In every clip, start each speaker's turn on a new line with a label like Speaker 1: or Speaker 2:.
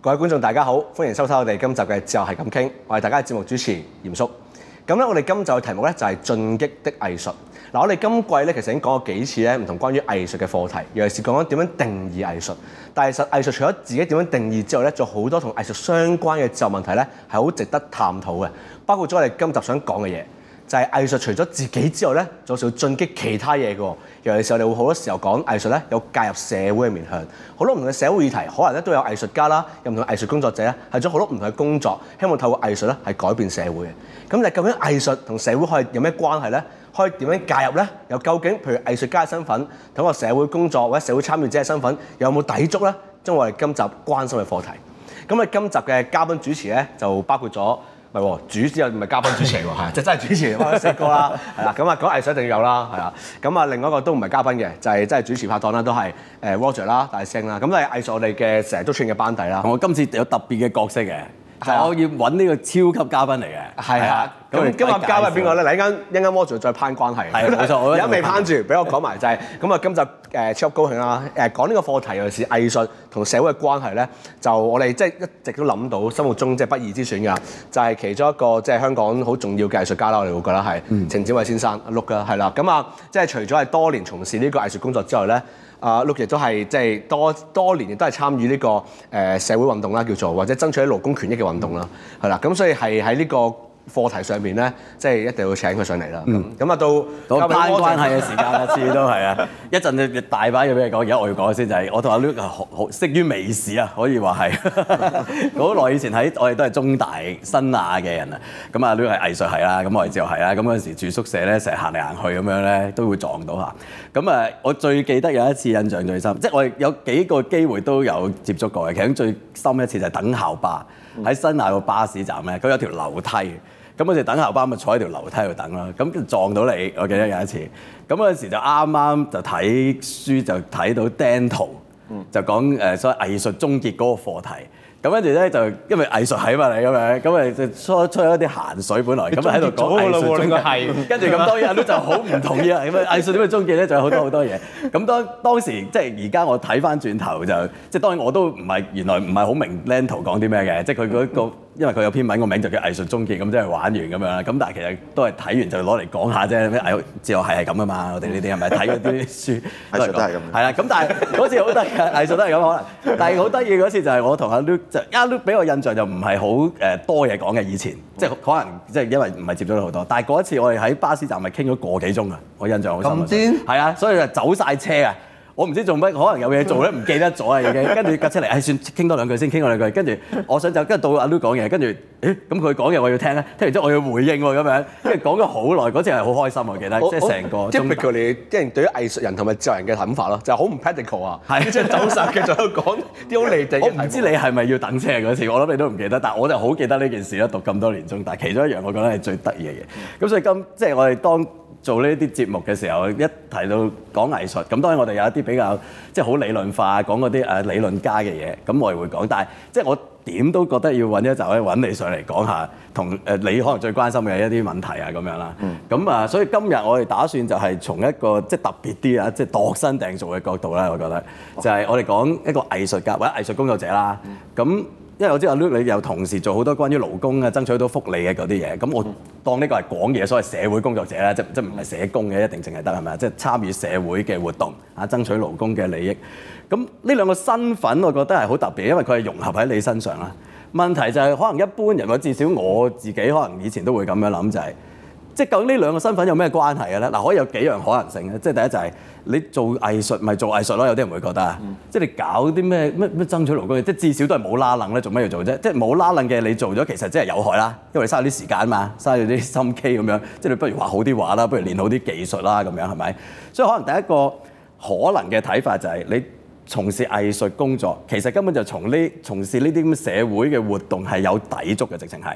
Speaker 1: 各位觀眾，大家好，歡迎收睇我哋今集嘅《哲學係咁傾》，我係大家嘅節目主持嚴叔。咁咧，我哋今集嘅題目咧就係進擊的藝術。嗱，我哋今季咧其實已經講過幾次咧唔同關於藝術嘅課題，尤其是講緊點樣定義藝術。但係實藝術除咗自己點樣定義之外咧，仲有好多同藝術相關嘅自由問題咧係好值得探討嘅，包括咗我哋今集想講嘅嘢。就係藝術除咗自己之外咧，仲有少少進擊其他嘢嘅。尤其是我哋會好多時候講藝術咧，有介入社會嘅面向。好多唔同嘅社會議題，可能咧都有藝術家啦，有唔同藝術工作者咧，係做好多唔同嘅工作，希望透過藝術咧係改變社會嘅。咁但究竟藝術同社會可以有咩關係咧？可以點樣介入咧？又究竟譬如藝術家嘅身份，透過社會工作或者社會參與者嘅身份，有冇抵觸咧？將我哋今集關心嘅課題。咁啊，今集嘅嘉賓主持咧，就包括咗。唔係喎，主持又唔係嘉賓主持喎，係 就真係主持人。 我食過啦，係啦，咁啊講藝術一定要有啦，係啦。咁啊另外一個都唔係嘉賓嘅，就係真係主持拍檔啦，都係誒 Roger 啦，大聲啦。咁都係藝術我哋嘅成日都串
Speaker 2: 嘅班底啦。我今次有特別嘅角色嘅。我要揾呢個超級嘉賓嚟嘅，係啊，咁今日嘉賓邊個咧？
Speaker 1: 你一陣間一陣間 model 再攀關係，係冇錯，而家未攀住，俾我講埋就係咁啊！今集誒超級高興啊！誒講呢個課題又是藝術同社會嘅關係咧，就我哋即係一直都諗到生活中即係不二之選嘅，就係其中一個即係香港好重要嘅藝術家啦。我哋會覺得係程展緯先生阿碌㗎係啦。咁、mm. 嗯、啊，即係除咗係多年從事呢個藝術工作之外咧。啊 l u 都係即係多多年都係參與呢、這個、呃、社會運動啦，叫做或者爭取啲勞工權益嘅運動啦，係啦、嗯，咁所以係喺呢個。課
Speaker 2: 題上邊咧，即係一定要請佢上嚟啦。咁啊、嗯、到到攤關係嘅時間啦，次 次都係啊！一陣你大把嘢俾你講，而家我要講先就係、是，我同阿 Luke 好識於微時啊，可以話係好耐以前喺我哋都係中大新亞嘅人啊。咁啊，Luke 係藝術系啦，咁我哋就係啦。咁嗰陣時住宿舍咧，成日行嚟行去咁樣咧，都會撞到下。咁啊，我最記得有一次印象最深，即、就、係、是、我哋有幾個機會都有接觸過嘅。其中最深一次就係等校巴喺新亞個巴士站咧，佢有條樓梯。咁我就等校巴咪坐喺條樓梯度等啦。咁撞到你，我記得有一次。咁嗰時就啱啱就睇書，就睇到 Dental、嗯，就講誒所謂藝術終結嗰個課題。咁跟住咧就因為藝術喺嘛你咁樣，咁咪就出，出一出一啲鹹水本來咁喺度講藝術、啊。應該係。跟住咁多人都就好唔同意啊！咁啊 藝術點會終結咧？就有好多好多嘢。咁當當時即係而家我睇翻轉頭就即係當然我都唔係原來唔係好明 Dental 講啲咩嘅，即係佢嗰個。嗯因為佢有篇文個名就叫《藝術終結》，咁即係玩完咁樣啦。咁但係其實都係睇完就攞嚟講下啫。咩藝術？哲學係係咁噶嘛。我哋呢啲係咪睇嗰啲書？藝術都係咁。係啦。咁但係嗰次好得意，藝術都係咁可能。但係好得意嗰次就係我同阿 Luke 就阿 Luke 俾我印象就唔係好誒多嘢講嘅以前，即係可能即係因為唔係接觸咗好多。但係嗰一次我哋喺巴士站咪傾咗個幾鐘啊！我印象好深。咁癲？係啊，所以就走晒車啊！我唔知做乜，可能有嘢做咧，唔記得咗啊已經。跟住隔出嚟，唉、哎，算傾多兩句先，傾多兩句。跟住我想就跟住到阿 Loo 講嘢，跟住誒咁佢講嘢，我要聽咧。聽完之後我要回應喎咁樣，跟住講咗好耐，嗰次係好開心我記得我即係成個即係 m i c h 即係對於藝術人同埋哲人嘅諗法咯，就係好唔 practical 啊，的即係走神仲要講啲好離地我唔知你係咪要等車嗰 次，我諗你都唔記得，但係我就好記得呢件事啦。讀咁多年中大，其中一樣我覺得係最得意嘅嘢。咁所以今即係我哋當做呢啲節目嘅時候，一提到講藝術，咁當然我哋有一啲。比較即係好理論化，講嗰啲誒理論家嘅嘢，咁我哋會講。但係即係我點都覺得要揾一集可以，揾你上嚟講下，同誒、呃、你可能最關心嘅一啲問題啊咁樣啦。咁啊、嗯，所以今日我哋打算就係從一個即係特別啲啊，即係度身訂造嘅角度咧，我覺得、哦、就係我哋講一個藝術家或者藝術工作者啦。咁、嗯因為我知阿 Luke 你又同時做好多關於勞工啊、爭取到福利嘅嗰啲嘢，咁我當呢個係講嘢，所謂社會工作者咧，即即唔係社工嘅，一定淨係得係咪？即參與社會嘅活動啊，爭取勞工嘅利益。咁呢兩個身份，我覺得係好特別，因為佢係融合喺你身上啦。問題就係，可能一般人，或至少我自己，可能以前都會咁樣諗，就係。即究竟呢兩個身份有咩關係嘅咧？嗱，可以有幾樣可能性嘅。即係第一就係、是、你做藝術咪、就是、做藝術咯，有啲人會覺得啊。嗯、即係你搞啲咩咩咩爭取勞工，即至少都係冇拉楞咧，做咩要做啫？即係冇拉楞嘅你做咗，其實即係有害啦，因為嘥啲時間啊嘛，嘥咗啲心機咁樣。即係你不如畫好啲畫啦，不如練好啲技術啦，咁樣係咪？所以可能第一個可能嘅睇法就係、是、你從事藝術工作，其實根本就從呢從事呢啲咁社會嘅活動係有抵觸嘅，直情係。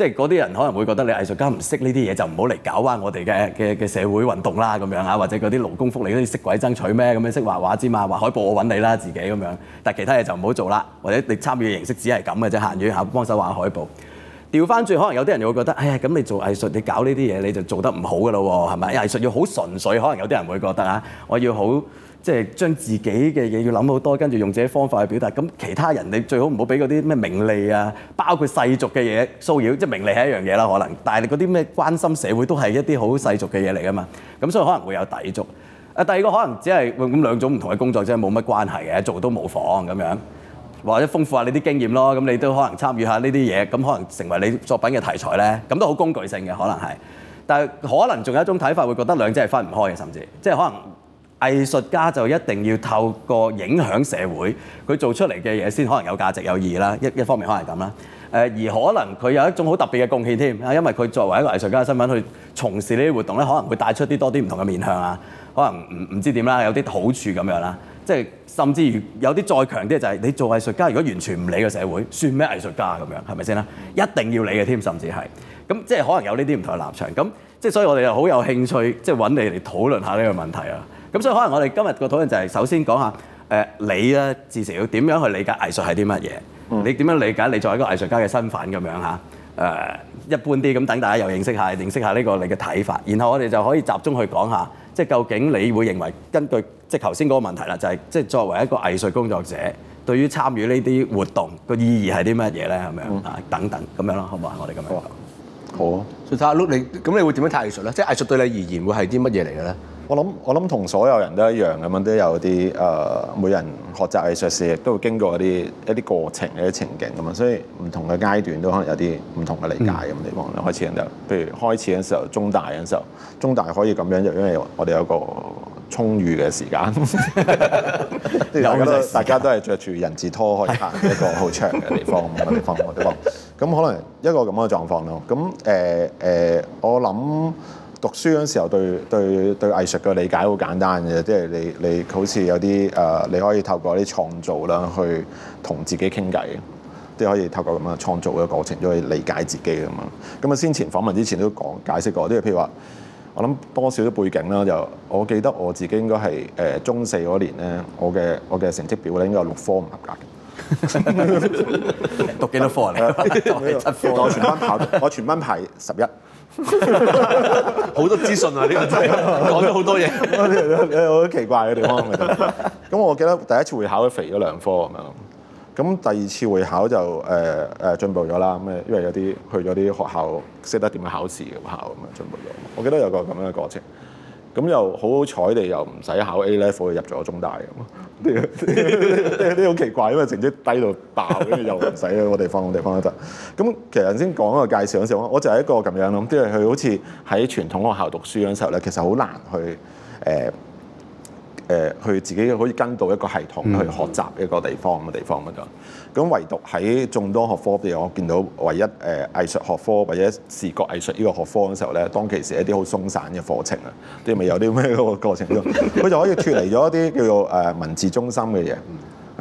Speaker 2: 即係嗰啲人可能會覺得你藝術家唔識呢啲嘢就唔好嚟搞返、啊、我哋嘅嘅嘅社會運動啦咁樣啊，或者嗰啲勞工福利嗰啲識鬼爭取咩咁樣，識畫畫之嘛，畫海報我揾你啦自己咁樣，但係其他嘢就唔好做啦，或者你參與嘅形式只係咁嘅啫，限於吓幫手畫海報。調翻轉，可能有啲人會覺得，哎呀，咁你做藝術，你搞呢啲嘢，你就做得唔好噶咯，係咪？藝術要好純粹，可能有啲人會覺得啊，我要好，即係將自己嘅嘢要諗好多，跟住用自己方法去表達。咁其他人你最好唔好俾嗰啲咩名利啊，包括世俗嘅嘢騷擾。即係名利係一樣嘢啦，可能，但係你嗰啲咩關心社會都係一啲好世俗嘅嘢嚟噶嘛。咁所以可能會有抵觸。啊，第二個可能只係咁兩種唔同嘅工作，真係冇乜關係嘅，做都冇妨咁樣。或者豐富下你啲經驗咯，咁你都可能參與下呢啲嘢，咁可能成為你作品嘅題材呢。咁都好工具性嘅可能係。但係可能仲有一種睇法會覺得兩者係分唔開嘅，甚至即係可能藝術家就一定要透過影響社會，佢做出嚟嘅嘢先可能有價值有意義啦。一一方面可能係咁啦。而可能佢有一種好特別嘅貢獻添啊，因為佢作為一個藝術家嘅身份去從事呢啲活動咧，可能會帶出啲多啲唔同嘅面向啊，可能唔唔知點啦，有啲好處咁樣啦。即係甚至於有啲再強啲就係你做藝術家，如果完全唔理個社會，算咩藝術家咁樣？係咪先啦？一定要理嘅添，甚至係咁，即係可能有呢啲唔同嘅立場。咁即係所以我哋又好有興趣，即係揾你嚟討論下呢個問題啊。咁所以可能我哋今日個討論就係首先講下誒、呃、你咧，至少要點樣去理解藝術係啲乜嘢？你點樣理解你作為一個藝術家嘅身份咁樣吓，誒、呃、一般啲咁，等大家又認識下認識下呢個你嘅睇法。然後我哋就可以集中去講下，即係究竟你會認為根據？即係頭先嗰個問題啦，就係即係作為一個藝術工作者，對於參與呢啲活動個意義係啲乜嘢咧？係咪？啊、嗯，等等咁樣咯，好唔好？我哋咁樣講、哦。好
Speaker 1: 啊。所以睇下 Look，你咁你會點樣睇藝術咧？即係藝術對你而言會係啲乜嘢嚟嘅咧？
Speaker 3: 我諗我諗同所有人都一樣咁樣，都有啲誒、呃，每人學習藝術時亦都會經過一啲一啲過程一啲情景咁啊，所以唔同嘅階段都可能有啲唔同嘅理解咁地方。嗯、開始人就譬如開始嘅時候、中大嘅時，時候、中大可以咁樣，就因為我哋有個。充裕嘅時間，有 得大家都係 着住人字拖去行一個好長嘅地方，咁 可能一個咁嘅狀況咯。咁誒誒，我諗讀書嗰陣時候對對對，對藝術嘅理解好簡單嘅，即、就、係、是、你你，你好似有啲誒、呃，你可以透過啲創造啦，去同自己傾偈，即係可以透過咁嘅創造嘅過程，都可以理解自己啦。咁啊，先前訪問之前都講解釋過，即係譬如話。我諗多少啲背景啦，就，我記得我自己應該係誒中四嗰年咧，我嘅我嘅成績表咧應該有六科唔合格嘅， 讀幾多科嚟？ 我全班排，我全班排十一，好 多資訊啊！呢個真係講咗好多嘢，有好多奇怪嘅地方。咁、就是、 我記得第一次會考，肥咗兩科咁樣。咁第二次會考就誒誒、呃呃、進步咗啦，咁啊，因為有啲去咗啲學校識得點樣考試嘅學校，咁啊進步咗。我記得有個咁樣嘅過程，咁又好好彩地又唔使考 A Level 咧，可以入咗中大咁。呢啲好奇怪，因為成績低到爆，跟住又唔使嗰個地方嗰、嗰個地方得。咁其實先講個介紹嘅時候我就係一個咁樣諗，即係佢好似喺傳統學校讀書嗰時候咧，其實好難去誒。呃誒，佢、呃、自己可以跟到一個系統，嗯、去學習一個地方咁嘅地方。咁唯獨喺眾多學科，譬如我見到唯一誒藝術學科或者視覺藝術呢個學科嘅時候咧，當其時一啲好鬆散嘅課程啊，啲咪有啲咩嗰個過程佢 就可以脫離咗一啲叫做誒文字中心嘅嘢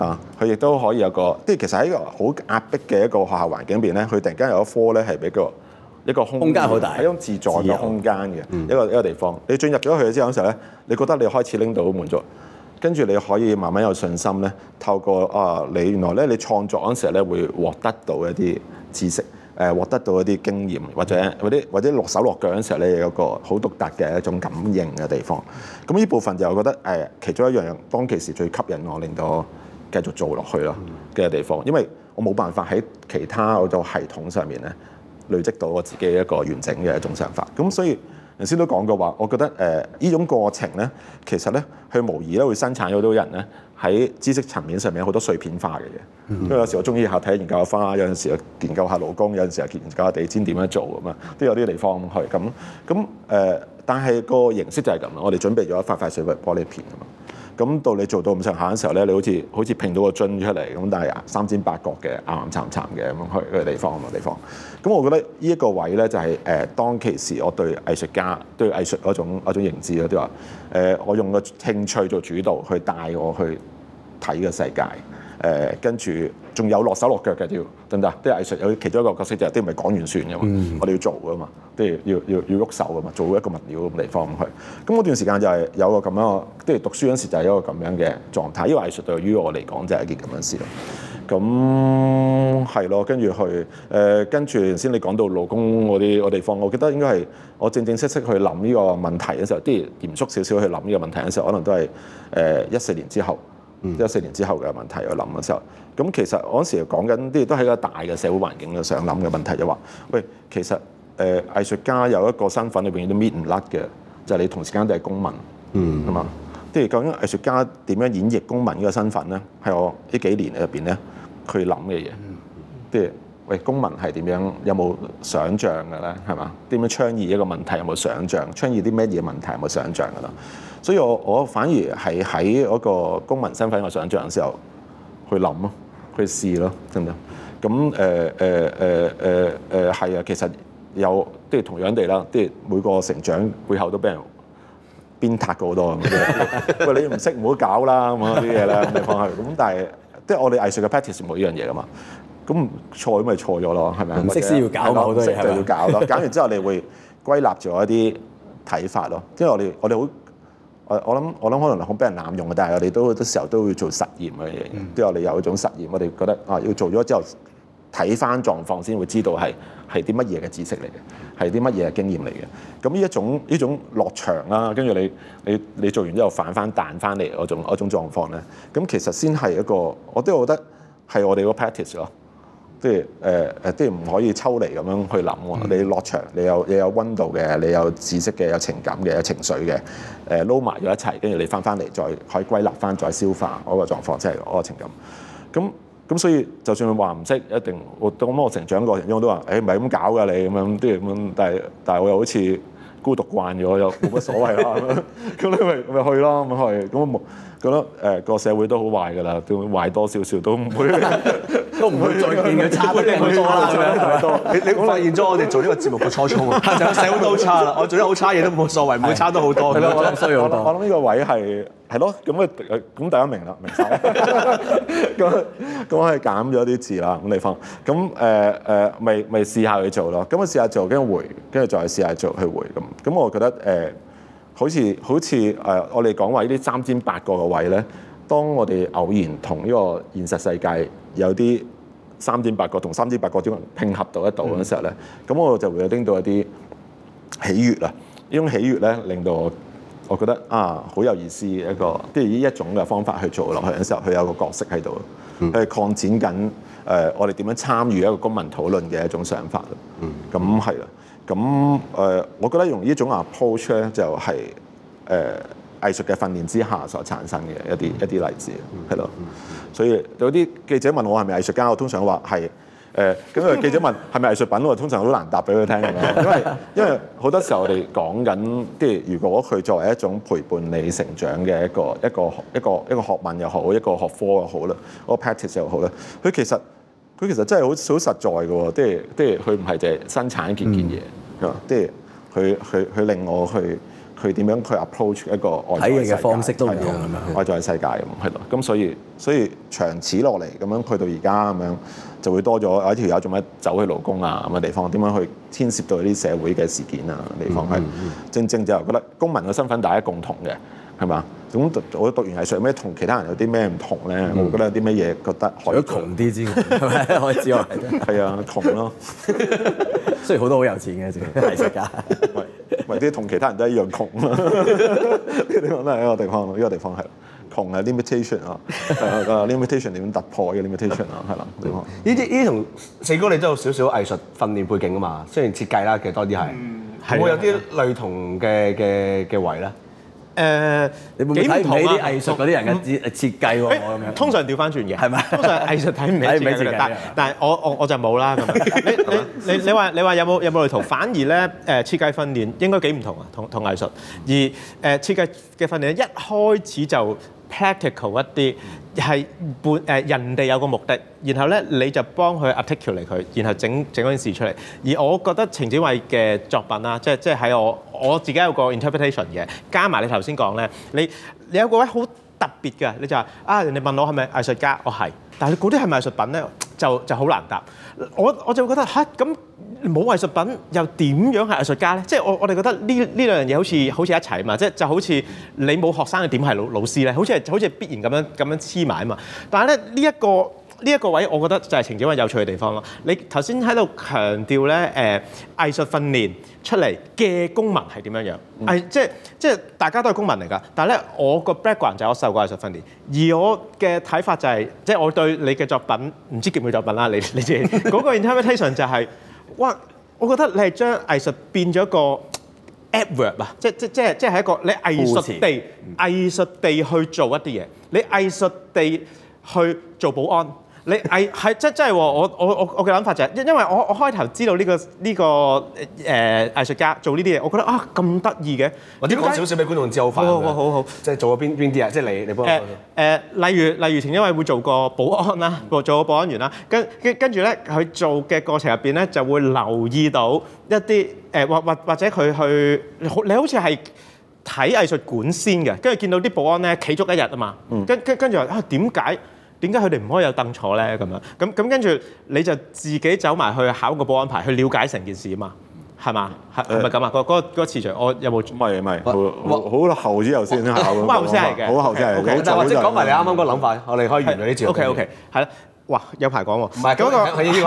Speaker 3: 啊。佢亦都可以有個即係其實喺一個好壓迫嘅一個學校環境入邊咧，佢突然間有一科咧係比較。一個空間好大，一種自在嘅空間嘅由一個、嗯、一個地方。你進入咗去之後嗰時候咧，你覺得你開始拎到滿足，跟住你可以慢慢有信心咧。透過啊，你原來咧，你創作嗰時候咧，會獲得到一啲知識，誒、呃，獲得到一啲經驗，或者嗰啲，或者落手落腳嗰時候咧，有、嗰個好獨特嘅一種感應嘅地方。咁呢部分就我覺得誒、呃，其中一樣當其時最吸引我，令到我繼續做落去咯嘅地方，因為我冇辦法喺其他嗰種系統上面咧。累積到我自己一個完整嘅一種想法，咁所以頭先都講過話，我覺得誒呢、呃、種過程咧，其實咧佢無疑咧會生產咗多人咧喺知識層面上面好多碎片化嘅嘢，因為有時我中意下睇研究下花，有陣時又研究下勞工，有陣時又研究下研究地氈點樣做咁啊，都有啲地方去咁咁誒，但係個形式就係咁啊，我哋準備咗一塊塊碎玻璃片啊嘛。咁到你做到咁上下嘅時候咧，你好似好似拼到個樽出嚟，咁但係三尖八角嘅，暗暗沉沉嘅咁去嗰個地方，個地方。咁我覺得呢一個位咧、就是，就係誒當其時我藝術藝術、呃，我對藝術家對藝術嗰種嗰種認知，即係話我用個興趣做主導去帶我去睇個世界。誒、呃、跟住仲有落手落腳嘅，要得唔得啊？啲藝術有其中一個角色就係啲唔係講完算嘅嘛，嗯、我哋要做噶嘛，即係要要要喐手噶嘛，做一個物料咁嚟放去。咁嗰段時間就係有個咁樣，即係讀書嗰時就係一個咁樣嘅狀態。因、這、為、個、藝術對於我嚟講就係一件咁樣事咯。咁係咯，跟住去誒、呃，跟住先你講到勞工嗰啲個地方，我記得應該係我正正式式去諗呢個問題嘅時候，即係嚴肅少少去諗呢個問題嘅時候，可能都係誒一四年之後。一四年之後嘅問題，我諗嘅時候，咁其實我嗰時講緊啲都係一個大嘅社會環境度想諗嘅問題，就話、是：喂，其實誒、呃、藝術家有一個身份，你永遠都搣唔甩嘅，就係、是、你同時間都係公民，係嘛、嗯。即係究竟藝術家點樣演繹公民呢個身份咧？係我呢幾年入邊咧，佢諗嘅嘢。即係、嗯、喂，公民係點樣？有冇想像嘅咧？係嘛？點樣倡議一個問題有冇想像？倡議啲咩嘢問題有冇想像嘅咧？所以我我反而係喺嗰個公民身份嘅想像嘅時候去諗咯，去試咯，真唔得？咁誒誒誒誒誒係啊，其實有即係同樣地啦，即係每個成長背後都俾人鞭撻過好多嘅。喂，你唔識唔好搞啦咁啲嘢啦，咪放下。咁 但係即係我哋藝術嘅 practice 冇呢樣嘢噶嘛。咁錯咁咪錯咗咯，係咪啊？識先要搞，唔識就要搞咯。搞完 之後你會歸納咗一啲睇法咯。即係我哋我哋好。 我我諗我諗可能好俾人濫用嘅，但係我哋都好多時候都會做實驗嘅嘢，都、嗯、有你有種實驗。我哋覺得啊，要做咗之後睇翻狀況先會知道係係啲乜嘢嘅知識嚟嘅，係啲乜嘢嘅經驗嚟嘅。咁呢一種呢種落場啦，跟住你你你做完之後反翻彈翻嚟嗰種嗰種狀況咧，咁其實先係一個，我都覺得係我哋個 practice 咯。即係誒誒，即係唔可以抽離咁樣去諗喎。你落場，你有你有溫度嘅，你有知識嘅，有情感嘅，有情緒嘅。誒撈埋咗一齊，跟住你返返嚟，再可以歸納返，再消化嗰個狀況，即係嗰個情感。咁咁所以就算話唔識，一定我當我成長過程之中，我都話，誒唔係咁搞㗎你咁樣。即係咁，但係但係我又好似孤獨慣咗，又冇乜所謂啦。咁你咪咪去咯，咁去咁覺 得誒 個,個社會都好壞㗎啦，都壞多少少，都唔會，都唔
Speaker 1: 會再變佢差唔多啦，
Speaker 3: 你你發現咗我哋做呢個節目嘅初衷
Speaker 1: 啊？個社會都好差啦，我做得好差嘢都冇所謂，唔會差得好多。我諗呢
Speaker 3: 個位係係咯，咁啊咁第一名啦，明唔明啊？咁咁 我係減咗啲字啦，咁你放。咁誒誒，咪、呃、咪、呃、試下去做咯。咁啊試下做，跟住回，跟住再試下做，去回咁。咁我覺得誒。呃好似好似誒、呃，我哋講話呢啲三尖八角嘅位咧，當我哋偶然同呢個現實世界有啲三尖八角同三尖八角點樣拼合到一到嗰陣時候咧，咁、嗯、我就會有拎到一啲喜悅啦。呢種喜悅咧，令到我我覺得啊，好有意思一個，即係呢一種嘅方法去做落去嘅時候，佢有個角色喺度，佢係擴展緊誒、呃、我哋點樣參與一個公民討論嘅一種想法咯。咁係啦。嗯嗯咁誒、呃，我覺得用呢種 approach 咧，就係、是、誒、呃、藝術嘅訓練之下所產生嘅一啲一啲例子，係咯。所以有啲記者問我係咪藝術家，我通常話係。誒咁啊，那個、記者問係咪 藝術品，我通常好都難答俾佢聽嘅， 因為因為好多時候我哋講緊，即係如果佢作為一種陪伴你成長嘅一個一個一個一個學問又好，一個學科又好啦，一個 practice 又好啦，佢其實。佢其實真係好好實在嘅，即係即係佢唔係淨係生產一件件嘢，即係佢佢佢令我去佢點樣去 approach 一個外在嘅方式都唔同，咁樣外在世界咁係咯。咁所以所以長此落嚟咁樣去到而家咁樣就會多咗有一條友，做乜走去勞工啊咁嘅地方，點樣去牽涉到啲社會嘅事件啊地方係、嗯、的正正就係覺得公民嘅身份大家共同嘅。係嘛？咁我讀完藝術有咩同其他人有啲咩唔同咧？我覺得有啲咩嘢覺得，如果窮啲之外，係咪？之外係啊，窮咯。雖然好多好有錢嘅，只藝術家，唔係唔係啲同其他人都係一樣窮。呢個都係一個地方咯。呢個地方係窮嘅 limitation 啊，limitation 點突破嘅 limitation 啊，係啦。
Speaker 1: 呢啲呢啲同四哥你都有少少藝術訓練背景啊嘛。雖然設計啦，其實多啲係會有啲類同嘅嘅嘅位咧。誒幾
Speaker 4: 唔同啲藝術嗰啲人嘅設設計喎，咁樣通常調翻轉嘅，係咪？通常藝術睇唔起自己，但係我我我就冇啦。你你你你話你話有冇有冇類同？反而咧，誒設計訓練應該幾唔同啊，同同藝術。而誒設計嘅訓練一開始就 practical 一啲。係伴誒人哋有個目的，然後咧你就幫佢 articulate 佢，然後整整嗰件事出嚟。而我覺得程展緯嘅作品啊，即係即係喺我我自己有個 interpretation 嘅，加埋你頭先講咧，你你有個位好特別嘅，你就話啊人哋問我係咪藝術家，我係，但係嗰啲係咪藝術品咧就就好難答。我我就覺得吓，咁、啊。冇藝術品又點樣係藝術家咧？即係我我哋覺得呢呢兩樣嘢好似好似一齊啊嘛！即係、就是、就好似你冇學生嘅點係老老師咧，好似係好似必然咁樣咁樣黐埋啊嘛！但係咧呢一、這個呢一、這個位，我覺得就係情景係有趣嘅地方咯。你頭先喺度強調咧誒藝術訓練出嚟嘅公民係點樣樣？係、嗯、即係即係大家都係公民嚟㗎。但係咧我個 background 就係我受過藝術訓練，而我嘅睇法就係、是、即係我對你嘅作品唔知叫唔叫作品啦？你你，你自己嗰、那個 invitation 就係。 哇！我覺得你係將藝術變咗一個 adverb 啊！即即即即係一個你藝術地、藝術置地去做一啲嘢，你藝術地去做保安。 你係即係真真係我我我我嘅諗法就係，因為我我開頭知道呢、呢個呢、呢個誒、呃、藝術家做呢啲嘢，我覺得啊咁得意嘅，或者講少少俾觀眾知好快好好好，即係做咗邊邊啲啊？即係你你幫我誒誒，例如例如程展緯會做過保安啦，做個保安員啦，跟跟跟住咧佢做嘅過程入邊咧，就會留意到一啲誒或或或者佢去你好似係睇藝術館先嘅，跟住見到啲保安咧企足一日、嗯、啊嘛，跟跟跟住話啊點解？點解佢哋唔可以有凳坐咧？咁樣咁咁跟住你就自己走埋去考個保安牌，去了解成件事啊嘛，係嘛？係咪咁啊？欸嗰個、嗰個市場，我有冇？唔係唔係，好好後知後覺先考嘅，好後知後覺嘅。Okay. 但係或者講埋你啱啱嗰個諗法，啊、我哋可以完咗呢條。OK OK，係啦。哇，有排
Speaker 1: 講喎，唔係咁個，咁、嗯啊 okay，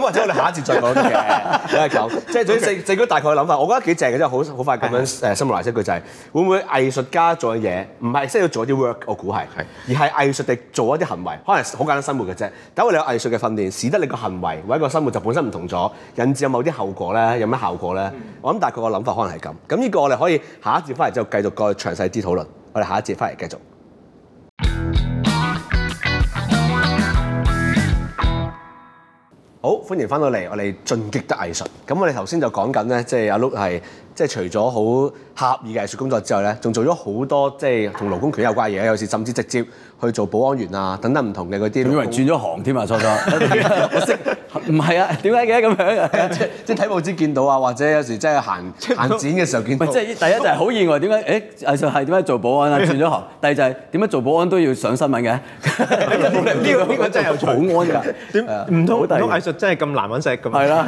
Speaker 1: 或者我哋下一節再講嘅，再講，即係總之政府大概嘅諗法，我覺得幾正嘅，即係好好快咁樣誒 summarize 一句就係會唔會藝術家做嘅嘢，唔係即係要做一啲 work，我估係，而係藝術地做一啲行為，可能好簡單生活嘅啫。但係因為你有藝術嘅訓練，使得你個行為或者個生活就本身唔同咗，引致有某啲後果咧，有咩後果咧？嗯、我諗大概嘅諗法可能係咁。咁呢個我哋可以下一節翻嚟之後就繼續再詳細啲討論。我哋下一節翻嚟繼續。好，歡迎返到嚟，我哋進擊的藝術。咁我哋頭先就講緊呢，即係阿 Luke 係。即係除咗好刻意嘅藝術工作之外咧，仲做咗好多即係同勞工權有關嘢，有時甚至直接去做保安員啊，等等唔同嘅嗰啲。以為轉咗行添啊，初初。我識唔係啊？點解嘅咁樣？即係即係睇報紙見到啊，或者有時
Speaker 2: 即係行行展嘅時候見到。唔係，即係第一就係好意外，點解誒藝術係點解做保安啊？轉咗行。第二就係點解做保安都要上新聞嘅？
Speaker 4: 呢個呢
Speaker 2: 個真係
Speaker 4: 保安㗎，唔同唔同藝
Speaker 2: 術真係咁難揾食咁。係啦。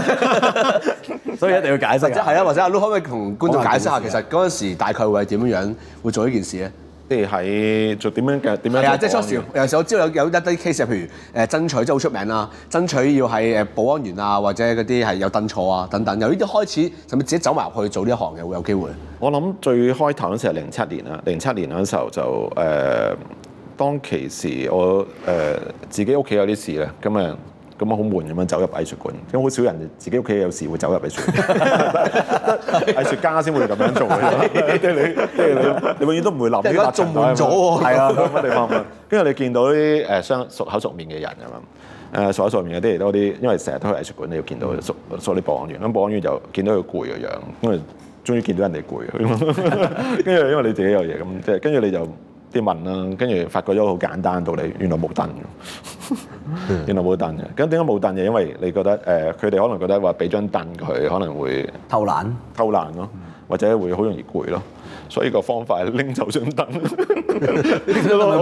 Speaker 2: 所以一定要解釋，即
Speaker 4: 係啊，或者
Speaker 1: 阿 Luke 可唔可以同觀眾解釋下，的其實嗰陣時大概會點樣樣，會做呢件事咧？即係喺做點樣嘅點樣？係即係初時，有時我知道有有一啲 case 譬如誒爭取真係好出名啊，爭取要係誒保安員啊，或者嗰啲係有凳坐啊等等，由呢啲開始，甚至
Speaker 3: 自己走埋去做呢一行嘅，會有機會。我諗最開頭嗰時係零七年啊，零七年嗰陣時候就誒、呃，當其時我誒、呃、自己屋企有啲事咧，咁啊。咁啊好悶咁樣走入藝術館，因為好少人自己屋企有時會走入藝術。 藝術家先會咁樣做。即、就、係、是、你，即係 你，你，你，你永遠都唔會諗。而家縱滿咗喎。係啊，乜、嗯、地方，跟、嗯、住你見到啲誒、呃、相熟口熟面嘅人咁樣，誒、呃、熟口熟面嗰啲嚟多啲。因為成日都喺藝術館，你要見到佢熟熟啲保安員，咁保安員就見到佢攰嘅樣，因為終於見到人哋攰。跟住 因為你自己有嘢咁，即係跟住你就。啲問啦，跟住發覺咗好簡單道理，原來冇凳， 原來冇凳嘅。咁點解冇凳嘅？因為你覺得誒，佢、呃、哋可能覺得話俾張凳，佢可能會偷懶，偷懶咯，或者會好容易攰咯。所以個方法拎走張凳，我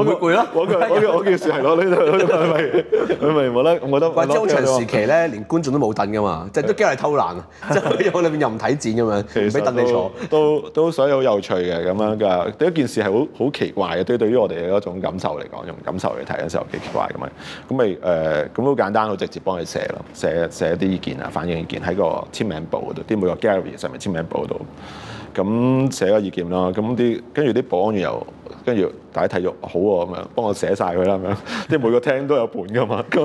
Speaker 3: 會攰咯。我嘅我嘅我件事係攞呢度，咪咪咪冇得冇得
Speaker 1: 喂。但係周朝時期咧，
Speaker 3: 連觀眾都冇凳噶嘛，即係都
Speaker 1: 驚嚟偷懶，即係
Speaker 3: 佢裏面又唔睇展咁樣，唔俾凳你坐。都都所以好有趣嘅咁樣㗎，第一件事係好好奇怪嘅，對對於我哋嘅一種感受嚟講，用感受嚟睇嘅時候幾奇怪咁樣。咁咪誒咁好簡單好直接幫佢寫咯，寫寫一啲意見啊，反映意見喺個簽名簿嗰度，啲每個 gallery 上面簽名簿度。咁寫個意見啦，咁啲跟住啲保安員又跟住大家睇咗好喎、啊、咁樣，幫我寫晒佢啦咁樣，即係每個廳都有盤噶嘛，咁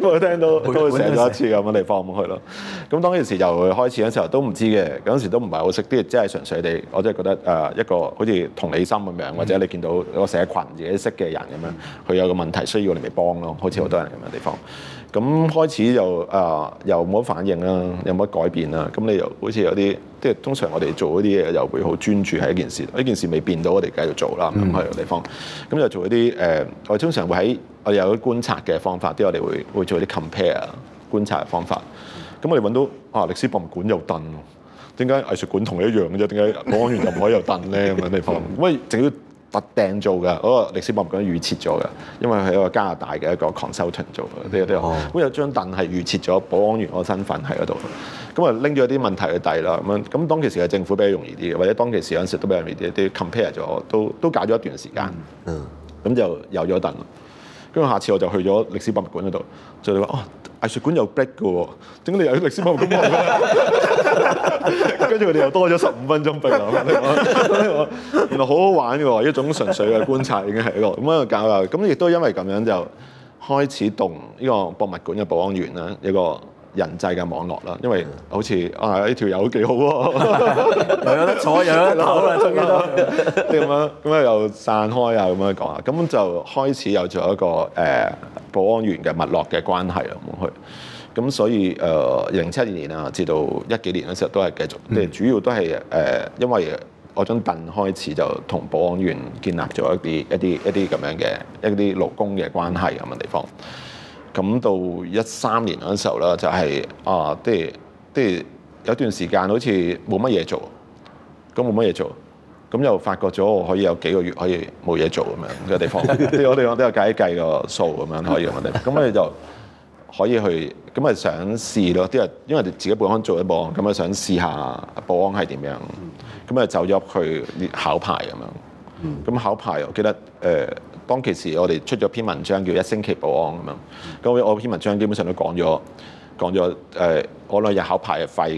Speaker 3: 我聽到都會寫咗一次咁嘅地方去咯。咁當時由開始嗰時候都唔知嘅，嗰時都唔係好識啲，即、就、係、是、純粹地，我真係覺得誒、呃、一個好似同理心咁樣，或者你見到個社群自己識嘅人咁樣，佢有個問題需要你咪幫咯，好似好多人咁嘅地方。咁開始又啊、呃、又冇乜反應啦，又有冇乜改變啦？咁你又好似有啲，即係通常我哋做嗰啲嘢又會好專注喺一件事，呢件事未變到，我哋繼續做啦。咁去個地方，咁就做一啲誒、呃，我通常會喺我有啲觀察嘅方法，即、就、啲、是、我哋會會做啲 compare 觀察方法。咁我哋揾到啊，歷史博物館有凳，點解藝術館同一樣嘅啫？點解保安員又唔可以有凳咧？咁樣 地方，喂，整啲。特訂做㗎，嗰個歷史博物館預設咗㗎，因為佢係一個加拿大嘅一個 consultant 做嘅，呢咁、哦、有張凳係預設咗保安員個身份喺嗰度，咁啊拎咗啲問題去遞啦，咁樣，咁當其時嘅政府比較容易啲嘅，或者當其時有陣時都比較容易啲，啲 compare 咗，都都解咗一段時間，嗯，咁就有咗凳，跟住下次我就去咗歷史博物館嗰度，就你話哦。藝術館有 break 嘅喎，點解你又去歷史博物館跟住佢哋又多咗十五分鐘俾我， 原來好好玩嘅喎，一種純粹嘅觀察已經係一、這個咁樣嘅教育。咁亦都因為咁樣就開始當呢個博物館嘅保安員啦，一個。人際嘅網絡啦，因為好似啊呢條友都幾好
Speaker 2: 啊，坐，又有
Speaker 3: 得咁樣咁啊又散開啊，咁樣講下，咁就開始有咗一個誒、呃、保安員嘅脈絡嘅關係咁去，咁所以誒零七年啊，至到一幾年嗰時候都係繼續，誒、嗯、主要都係誒、呃、因為我從笨開始就同保安員建立咗一啲一啲一啲咁樣嘅一啲勞工嘅關係咁嘅、那個、地方。咁到一三年嗰陣時候啦，就係、是、啊，即係即係有段時間好似冇乜嘢做，咁冇乜嘢做，咁又發覺咗我可以有幾個月可以冇嘢做咁樣嘅地方，即係我哋我都有計計個數咁樣可以咁樣，咁我哋就可以去咁啊想試咯，即係因為我自己保安做一保安，咁啊想試下保安係點樣，咁啊就入去考牌咁樣，
Speaker 5: 咁考
Speaker 3: 牌，考牌我記得誒。呃當其時，我哋出咗篇文章叫《一星期保安》咁樣、嗯。咁我篇文章基本上都講咗，講咗誒，我兩日考牌日廢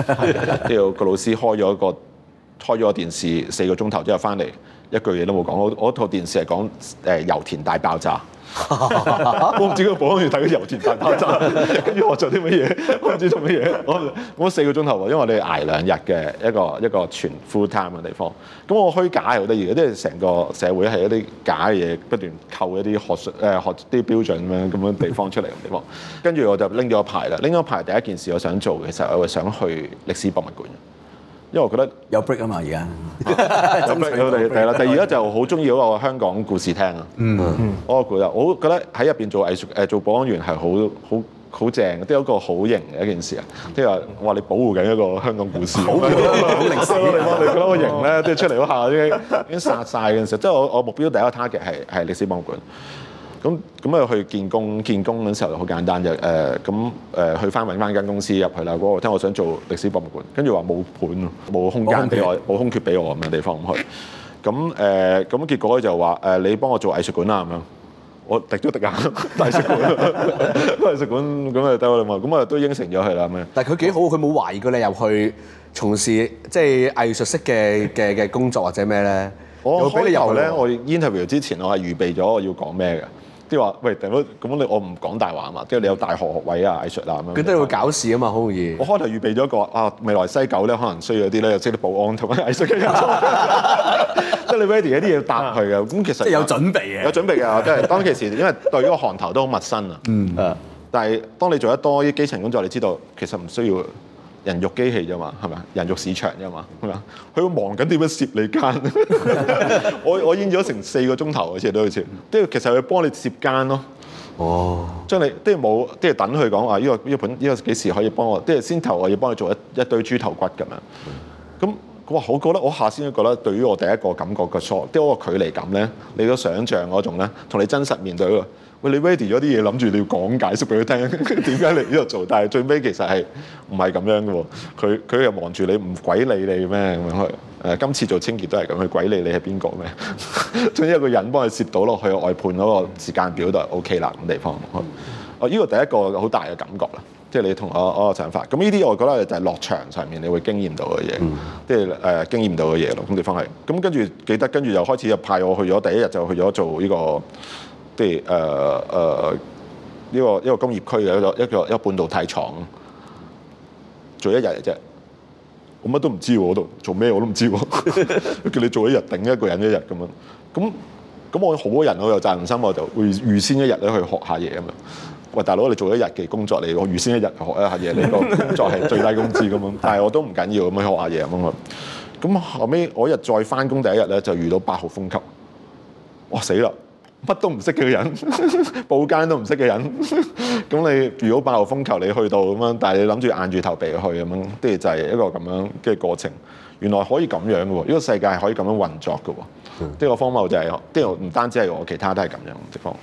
Speaker 3: 嘅，之要個老師開咗個開咗電視四個鐘頭之後翻嚟，一句嘢都冇講。我套電視係講誒油田大爆炸。 我唔知個保安員睇佢油田大爆炸，跟住我做啲乜嘢？我唔知做乜嘢？我四個鐘頭，因為我哋捱兩日嘅一個一個全 full time 嘅地方。咁我虛假又得意，即係成個社會係一啲假嘢不斷扣一啲學術誒學啲標準咁樣咁樣地方出嚟嘅地方。跟住我就拎咗個牌啦，拎咗個牌第一件事我想做嘅，其實我係想去歷史博物館。因為我覺得有 break 啊
Speaker 2: 嘛，而家有 break，我哋啦。第二咧
Speaker 3: 就好中意嗰個香港故事廳啊。嗯嗯， 我覺得喺入邊做藝術誒、呃、做保安員係好好好正，都有一個好型嘅一件事啊。即係話話你保護緊一個香港故事，好好靈肖啊，你覺得個型咧？即係出嚟嗰下已經已經殺晒嘅時候，即係我我目標第一個 target 係係歷史博物館。咁咁啊，去見工見工嗰時候好簡單就誒，咁、呃、誒、呃呃、去翻揾翻間公司入去啦。嗰個聽我想做歷史博物館，跟住話冇盤冇空間俾空我，冇空缺俾我咁嘅地方唔去。咁誒咁結果就話誒、呃、你幫我做藝術館啦咁樣。我滴咗滴啊藝術館藝術館咁啊得我啦嘛，咁啊都應承咗佢啦咁樣。但係佢幾好，佢冇懷疑過你入去從事即係、就是、藝術式嘅嘅嘅工作或者咩咧？ 我開由咧，我 interview 之前我係預備咗我要講咩嘅。 2即係話喂，大佬，咁你我唔講大話啊嘛！即係你有大學學位啊、藝術啊咁樣。佢都會搞事啊嘛，好容易。我開頭預備咗一個啊，未來西九咧可能需要啲咧又識啲保安同埋藝術嘅人，即係你 ready 一啲嘢答佢啊，咁 其實即係有準備， 有準備啊，即係當其時，因為對嗰個行頭都好陌生啊。 嗯。誒，但係當你做得多啲基層工作，你知道其實唔需要。人肉機器啫嘛，係咪？人肉市場啫嘛，係咪？佢會忙緊點樣攝你間？ 我我演咗成四個鐘頭，好似都好似，即係其實佢幫你攝間咯。哦，即係你即係冇，即係等佢講話，呢個呢盤呢個幾時可以幫我？即係先頭我要幫你做一一堆豬頭骨咁樣。咁我話好，覺得我下先都覺得對於我第一個感覺嘅疏，即係嗰個距離感咧，你嘅想像嗰種咧，同你真實面對嗰個。喂，你 ready 咗啲嘢，諗住你要講解釋俾佢聽，點解嚟呢度做？但係最尾其實係唔係咁樣嘅喎？佢佢又望住你，唔鬼理你咩咁樣去？誒、嗯，今次做清潔都係咁，佢鬼理你係邊個咩？總 之有個人幫佢攝到落去外判嗰個時間表都係 OK 啦咁地方。哦、嗯，呢個、啊、第一個好大嘅感覺啦，即係你同、啊、我我個想法。咁呢啲我覺得就係落場上面你會經驗到嘅嘢，嗯、即係誒、啊、經驗到嘅嘢咯。咁地方係，咁跟住記得，跟住又開始又派我去咗第一日就去咗做呢、這個。啲誒誒呢個一、呢個工業區嘅一個一個一半導體廠，做一日嘅啫。我乜都唔知喎，我度做咩我都唔知喎。 叫你做一日頂一個人一日咁樣。咁咁我好多人，我有責任心，我就預預先一日咧去學下嘢咁樣。喂，大佬，你做一日嘅工作，你我預先一日嚟學一下嘢。你個工作係最低工資咁樣， 但係我都唔緊要咁樣學下嘢咁樣。咁後尾，我一日再翻工第一日咧，就遇到八號風級，哇，死啦！乜都唔識嘅人， 報間都唔識嘅人， 咁你如果八號風球你去到咁樣，但係你諗住硬住頭皮去咁樣，跟住就係、是、一個咁樣嘅過程。原來可以咁樣嘅喎，呢、這個世界可以咁樣運作嘅
Speaker 5: 喎。
Speaker 3: 啲、這、我、個、荒謬就係、是，啲我唔單止係我，其他都係咁樣。地方，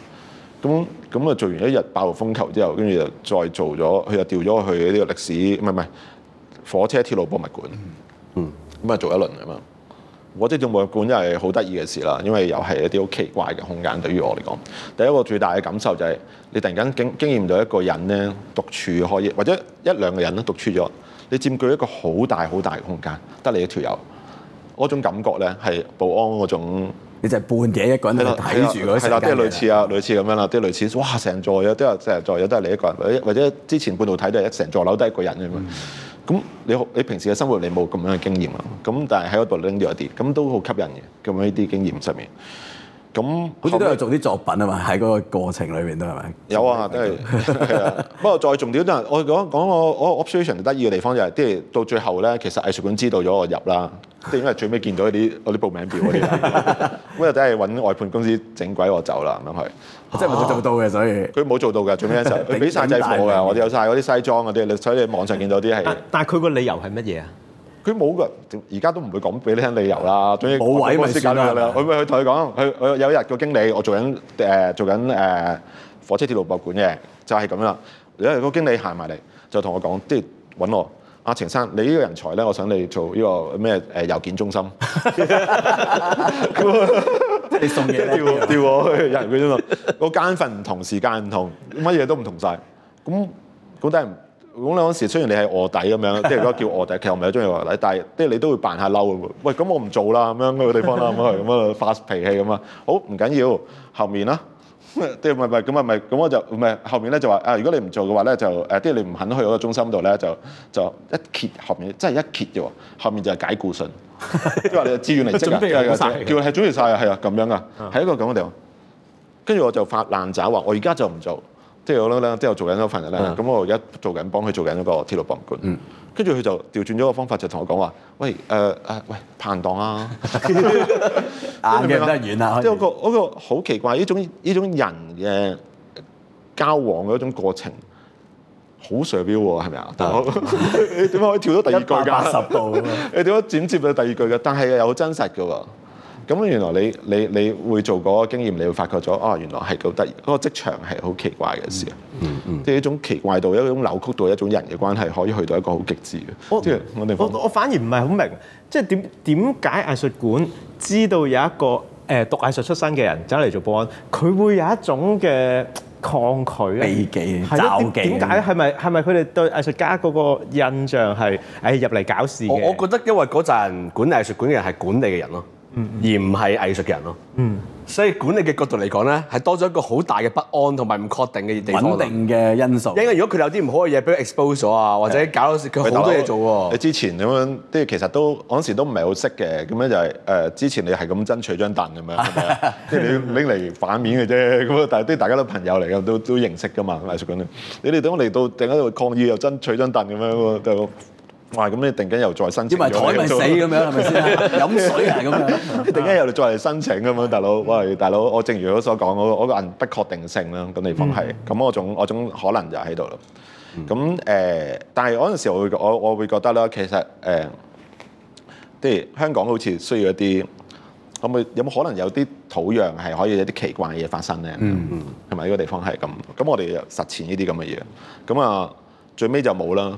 Speaker 3: 咁咁啊做完一日八號風球之後，跟住就再做咗，佢就調咗我去呢個歷史唔係唔係火車鐵路博物館，嗯咁啊做一輪啊嘛。我即係做博物館真係好得意嘅事啦，因為又係一啲好奇怪嘅空間。對於我嚟講，第一個最大嘅感受就係、是、你突然間經經驗到一個人咧獨處可以，或者一兩個人咧獨處咗，你佔據一個好大好大嘅空間，得你一條友。嗰種感覺咧係保安嗰種。你就係半夜一個人喺度睇住嗰。係啦，即係類似啊，類似咁樣啦，即係類似，類似，類似哇成座有都啊成座有都得你一個人，或者之前半路睇到一成座樓得一個人㗎嘛。嗯咁你你平時嘅生活你冇咁樣嘅經驗啊，咁但係喺嗰度拎咗一啲，咁都好吸引嘅，咁樣呢啲經驗
Speaker 2: 上面，咁好似都係做啲作品啊嘛，喺嗰個過程裏面都係咪？
Speaker 3: 有啊，都係、 啊，不過再重點都係，我講講我我 observation 得意嘅地方就係、是，即係到最後咧，其實藝術館知道咗我入啦，即係因為最尾見到啲我啲報名表啲，咁 就真係揾外判公司整鬼我走啦，咁係。即係冇做到嘅，所以佢冇做到嘅，做咩佢俾晒制服嘅， 名我哋有晒嗰啲西裝嗰啲，你所以網上見到啲係。但係佢個理由係乜嘢啊？佢冇個，而家都唔會講俾你聽理由啦。總之冇位咪先緊啦。我會去同佢講，佢佢了有一日個經理，我做緊誒、呃、做緊誒、呃、火車鐵路博物館嘅，就係咁啦。有一日個經理行埋嚟，就同我講，即係揾我，阿、啊、程生，你呢個人才咧，我想你做呢、這個咩誒郵件中心。 你送嘢掉掉去，有人佢咁嘛？個間份唔同，時間唔同，乜嘢都唔同晒。咁咁但係，咁你嗰時雖然你係臥底咁樣，即係如果叫臥底，其實我唔係中意臥底，但係即係你都會扮下嬲嘅喂，咁我唔做啦，咁樣嗰個地方啦，咁啊 發脾氣咁啊。好，唔緊要，後面啦。啲咪咪咁啊咪咁我就唔係後面咧，就話啊，如果你唔做嘅話咧，就即係、啊、你唔肯去嗰個中心度咧，就就一揭後面，即係一揭嘅喎，後面就係解僱信，即係話你嘅資源嚟嘅，叫係 準備晒嘅係啊，咁樣啊，係一個咁嘅地方，跟住我就發爛渣話我而家就唔做。即係我覺得咧，即係我做緊嗰份咧。咁我而家做緊幫佢做緊一個鐵路博物館。跟住佢就調轉咗個方法，就同我講話，喂，誒、呃、誒，喂、呃，盼檔啊！
Speaker 2: 眼鏡得遠啊。」即係
Speaker 3: 嗰個好奇怪，呢種呢種人嘅交往嘅一種過程，好錶標喎，係咪啊？你點解可以跳到第二句㗎？一百八十度。你點解剪接到第二句㗎？但係又好真實嘅喎。咁原來你你你會做嗰個經驗，你會發覺咗啊，原來係好得意。嗰、嗰個職場係好奇怪嘅事，嗯嗯、即係一種奇怪到一種扭曲到一種人嘅關係，可以去到一個好極致嘅。
Speaker 4: 哦嗯嗯、我我，我反而唔係好明，即
Speaker 3: 係點點解藝術館知道有一個
Speaker 4: 誒、呃、讀藝術出身嘅人走嚟做保安，佢會有一種嘅抗拒避
Speaker 2: 忌，係點解？
Speaker 1: 係咪係咪佢哋對藝術家嗰個印象係誒入嚟搞事嘅？我覺得因為嗰陣管理藝術館嘅人係管理嘅人咯。而唔係藝術嘅人咯，嗯，所以管理嘅角度嚟講咧，係多咗一個好大嘅不安同埋唔確定嘅穩定嘅因素。因為如果佢有啲唔好嘅嘢俾 expose 咗啊的，或者搞到佢好多嘢我做喎的。你之
Speaker 3: 前咁樣即係其實都嗰陣時都唔係好識嘅，咁樣就係、是、誒、呃、之前你係咁爭取張凳咁
Speaker 5: 樣，
Speaker 3: 即係 你拎嚟反面嘅啫。咁啊，但係啲大家都朋友嚟噶，都都認識噶嘛藝術館。你哋等我嚟到突然間喺度抗議又爭取張凳咁樣。哇！咁你突然間又再申請？攞埋台咪死咁樣係咪先？飲水啊咁樣？突然間又再嚟申請咁樣，大佬哇！大佬，我正如我所講，我我覺得不確定性啦，個地方係咁、嗯，我種我種可能就喺度咯。咁誒、嗯呃，但係嗰陣時我會我我會覺得啦，其實即係、呃、香港好似需要一啲，咁有冇可能有啲土壤係可以有啲奇怪嘅嘢發生咧、嗯？嗯嗯，同埋呢個地方係咁，咁我哋實踐呢啲咁嘅嘢，咁啊最尾就冇啦。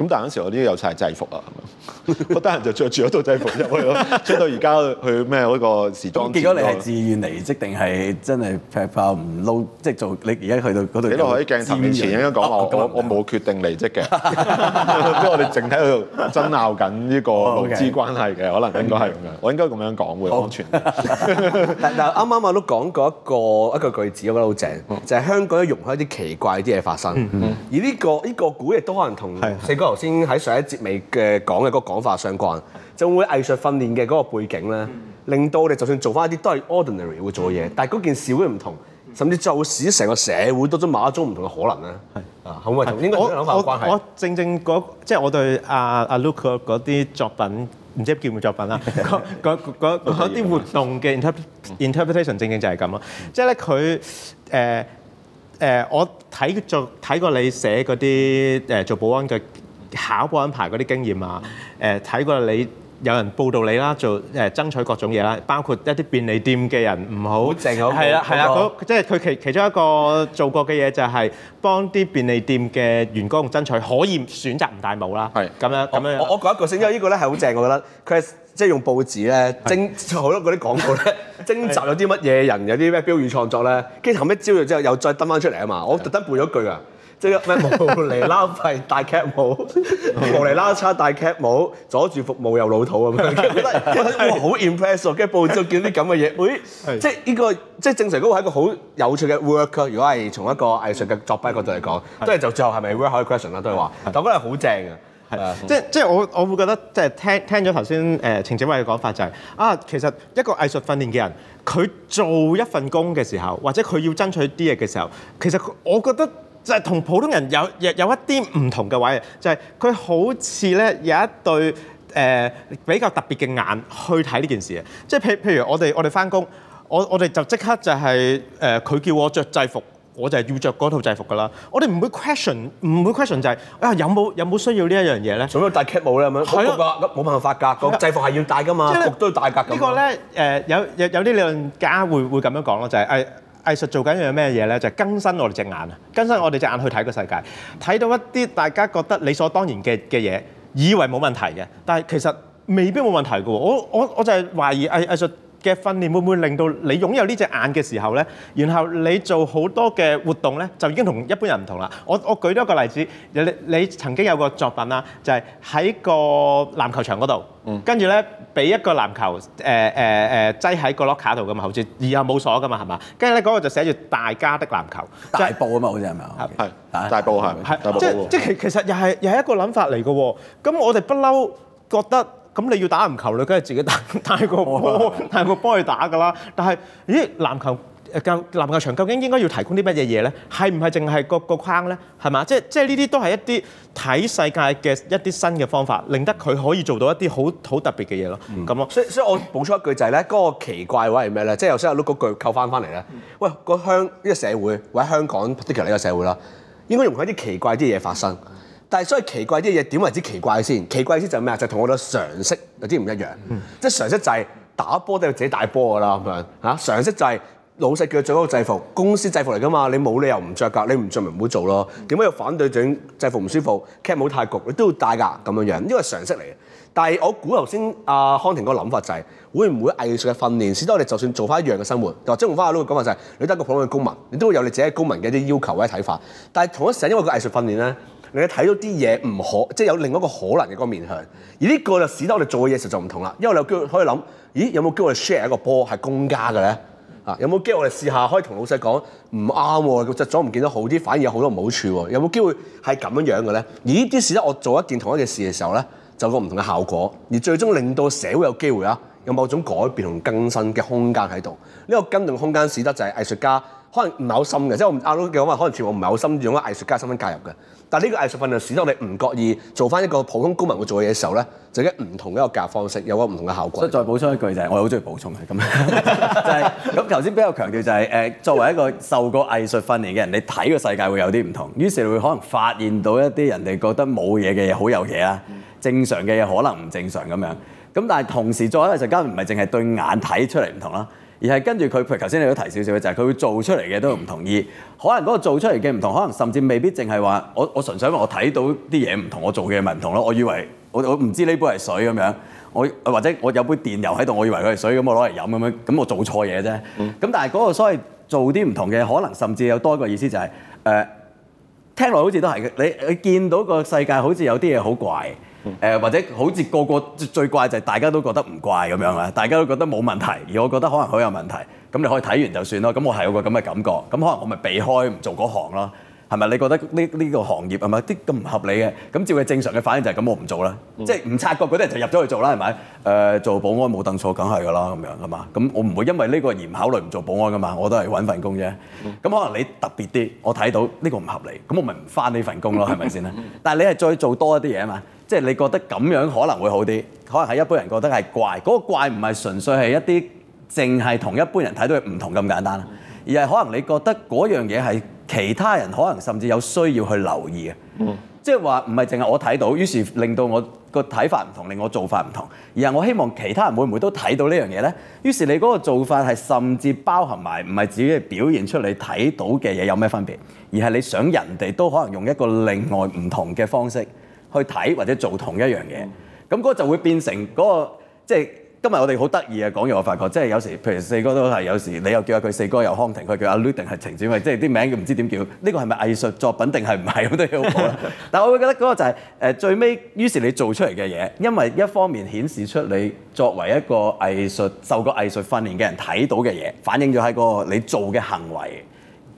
Speaker 3: 咁但嗰陣時我都有晒制服啊，好多人就着住嗰套制服入去咯，出到而家去咩嗰個時裝？結果你係自
Speaker 2: 願離職定係真係劈炮唔撈？即係做你而家去到嗰度？幾多我喺鏡頭面前應該講話，我我冇決定離職嘅。
Speaker 3: 即係我哋淨喺度爭拗緊呢個勞資關係嘅，可能應該係
Speaker 1: 咁樣。我應該咁樣講會安全。但嗱，啱啱我都講過一個一個句子，我覺得好正，就係香港要容許一啲奇怪啲嘢發生。而呢個呢個股亦都可能同四哥。頭先喺上一節尾嘅講嘅嗰講法相關，就係、會，會藝術訓練嘅嗰個背景咧，令到你就算做翻一啲都係 ordinary 會做嘅嘢，但係嗰件事會唔同，甚至就使成個社會多咗某一種唔同嘅可能咧。係是啊，係咪同應該諗埋關係？是我我我，我
Speaker 4: 正正嗰即係我對阿阿 Luke 嗰啲作品，唔知叫唔叫作品啦？嗰啲 活動嘅 interpretation 正，正，正，正正就係咁咯。即係咧，佢誒誒，我睇做睇過你寫嗰啲誒做保安嘅。考過安排嗰啲經驗啊，誒、呃、睇過你有人報道你啦，做誒、呃、爭取各種嘢啦，包括一啲便利店嘅人唔好棒好正啊，係啦係啦，即係佢其其中一個做過嘅嘢就係、係、幫啲便利店嘅員工用爭取可以選擇唔戴帽啦，係咁樣咁樣。我樣我
Speaker 1: 講一句先，因為呢個咧係好正，我覺得佢係即係用報紙咧徵好多嗰啲廣告咧徵集咗啲乜嘢人，有啲咩標語創作咧，跟住後屘招到之後又再登翻出嚟啊嘛，我特登背咗句啊。的即係咩無嚟撈費大 cap 帽，無嚟撈叉大 cap 帽，阻住服務又老土咁樣覺， 覺得哇好 impressive 嘅步驟，啲咁嘅嘢，誒、哎 是這個，即係呢個即係正常嗰個係一個好有趣嘅 work 咯。如果係從一個藝術嘅作品角度嚟講，即係就最後係咪 work？好 question 啦，都係話但我覺得好正嘅，係、
Speaker 4: 呃、啊，即係即係我我會覺得即係聽聽咗頭先誒程展緯嘅講法就係、是、啊，其實一個藝術訓練嘅人，佢做一份工嘅時候，或者佢要爭取啲嘢嘅時候，其實我覺得。就係同普通人有有一啲唔同嘅位，就係、是、佢好似咧有一對誒、呃、比較特別嘅眼去睇呢件事嘅。即係譬譬如我哋我哋返工，我我哋就即刻就係誒佢叫我着制服，我就係要着嗰套制服㗎啦。我哋唔會 question 唔會 question 就係、是、啊有冇有冇需要呢一樣嘢咧？做咩戴 cap 帽啦？咁係啊，
Speaker 1: 冇辦法㗎，個制服係
Speaker 4: 要戴㗎嘛，服的都要戴㗎。個呢個咧誒有有有啲理論家會會咁樣講咯，就係、是、誒。哎藝術做緊一樣咩嘢咧？就係、是、更新我哋隻眼啊！更新我哋隻眼去睇個世界，睇到一啲大家覺得理所當然嘅嘅嘢，以為冇問題嘅，但係其實未必冇問題嘅。我我我就係懷疑藝藝術嘅訓練會唔會令到你擁有呢隻眼嘅時候咧，然後你做好多嘅活動咧，就已經同一般人唔同啦。我我舉多一個例子，你你曾經有個作品啦，就係喺個籃球場嗰度，跟住咧俾一個籃球誒誒誒擠喺個 locker 度㗎嘛，好似，而又冇鎖噶嘛，係嘛？跟住咧嗰個就寫住大家的籃球，大波啊嘛，好似係咪啊？係大波係咪？即即其其實又係又係一個諗法嚟嘅喎。咁我哋不嬲覺得。咁你要打籃球你梗係自己打，打過我，打過幫佢打噶啦。但係，咦籃球誒籃籃球場究竟應該要提供啲乜嘢嘢咧？係唔係淨係個個框咧？係嘛？即即係呢啲都係一啲睇世界嘅一啲新嘅方法，令得佢可以做到一啲好好特別嘅嘢咯。咁咯、嗯。樣所以所
Speaker 1: 以我補充一句就係、是、咧，嗰、那個奇怪位係咩咧？即係由 s k y 嗰句扣翻翻嚟咧。喂、那個，個香呢個社會，或者香港特別係呢個社會啦，應該容許一啲奇怪啲嘢發生。但係，所以奇怪啲嘢點為之奇怪先？奇怪之就係咩啊？就係、是、同我哋常識有啲唔一樣。嗯、即係常識就係、是、打波都要自己帶波㗎啦，咁樣嚇。啊、常識就係、是、老細叫做嗰個制服，公司制服嚟㗎嘛，你冇理由唔着㗎。你唔着咪唔好做咯。點解要反對整制服唔舒服？劇舞太焗，你都要帶㗎咁樣樣，呢個係常識嚟嘅。但係我估頭先阿康廷個諗法就係、是、會唔會藝術嘅訓練？使得我哋就算做翻一樣嘅生活，或者用翻我嗰個講法就係、是、你得一個普通嘅公民，你都會有你自己嘅公民嘅一啲要求或者睇法。但係同一時，因為個藝術訓練咧，你睇到啲嘢唔可，即係有另一個可能嘅嗰個面向，而呢、呢個就使得我哋做嘅嘢實就唔同啦。因為你可以諗，咦，有冇機會 share 一個波 a 係公家嘅咧？啊，有冇機會我哋試下可以同老細講唔啱，執咗唔見得好啲，反而有好多唔好處喎、啊。有冇機會係咁樣樣嘅咧？而呢啲使得我做一件同一件事嘅時候咧，就有個唔同嘅效果，而最終令到社會有機會啊，有某種改變同更新嘅空間喺度。呢、呢個跟進空間使得就係藝術家可能唔係好深嘅，即係我阿、啊、老嘅講可能全部唔係好深，用藝術家身份介入嘅。但係呢個藝術訓練使到你唔覺意做翻一個普通公民會做嘅嘢嘅時候咧，就一唔同一個架方式，有個唔同嘅效果。所以再補
Speaker 2: 充一句就係、是，我好中意補充嘅咁 就係、是、咁。頭先比較強調就係、是、誒，作為一個受過藝術訓練嘅人，你睇個世界會有啲唔同，於是會可能發現到一啲人哋覺得冇嘢嘅嘢好有嘢啦，正常嘅嘢可能唔正常咁樣。咁但係同時在藝術間唔係淨係對眼睇出嚟唔同啦。而係跟住佢，譬如頭先你都提少少嘅，就係、是、佢會做出嚟嘅都唔同意。可能嗰個做出嚟嘅唔同，可能甚至未必淨係話我我純粹因為我睇到啲嘢唔同，我做嘅嘢咪唔同咯。我以為我我唔知呢杯係水咁樣，我或者我有杯電油喺度，我以為佢係水咁，我攞嚟飲咁樣，咁我做錯嘢啫。咁、嗯、但係嗰個所謂做啲唔同嘅，可能甚至有多一個意思、就是，就係誒聽落好似都係你你見到個世界好似有啲嘢好怪，誒，或者好似個個最怪就係大家都覺得唔怪咁樣啦，大家都覺得冇問題，而我覺得可能好有問題。咁你可以睇完就算咯。咁我係有個咁嘅感覺。咁可能我咪避開唔做嗰行咯。係咪？你覺得呢呢個行業係咪啲咁唔合理嘅？咁照佢正常嘅反應就係咁，我唔做啦，即係唔察覺嗰啲人就入咗去做啦，係咪？誒，做保安冇凳坐，梗係㗎啦，咁樣㗎嘛。咁我唔會因為呢個而唔考慮唔做保安㗎嘛。我都係揾份工啫。咁可能你特別啲，我睇到呢個唔合理，咁我咪唔返呢份工咯，係咪先啦？但係你係再做多一啲嘢啊嘛，即係你覺得咁樣可能會好啲，可能係一般人覺得係怪，嗰個怪唔係純粹係一啲淨係同一般人睇到嘅唔同咁簡單，而係可能你覺得嗰樣嘢係，其他人可能甚至有需要去留意嘅，嗯、即係話唔係淨係我睇到，於是令到我個睇法唔同，令我做法唔同，而係我希望其他人會唔會都睇到呢樣嘢咧？於是你嗰個做法係甚至包含埋唔係自己係表現出你睇到嘅嘢有咩分別，而係你想人哋都可能用一個另外唔同嘅方式去睇或者做同一樣嘢，咁嗰、嗯、就會變成嗰、嗰個即係。就是今日我哋好得意啊，講完我發覺，即係有時，譬如四哥都係，有時你又叫下佢四哥，又康廷，佢叫阿 Luding 係程展緯，因即係啲名佢唔知點叫，呢、這個係咪藝術作品定係唔係咁都要講？是是 但係我會覺得嗰個就係、是、誒、呃、最尾，於是你做出嚟嘅嘢，因為一方面顯示出你作為一個藝術受過藝術訓練嘅人睇到嘅嘢，反映咗喺個你做嘅行為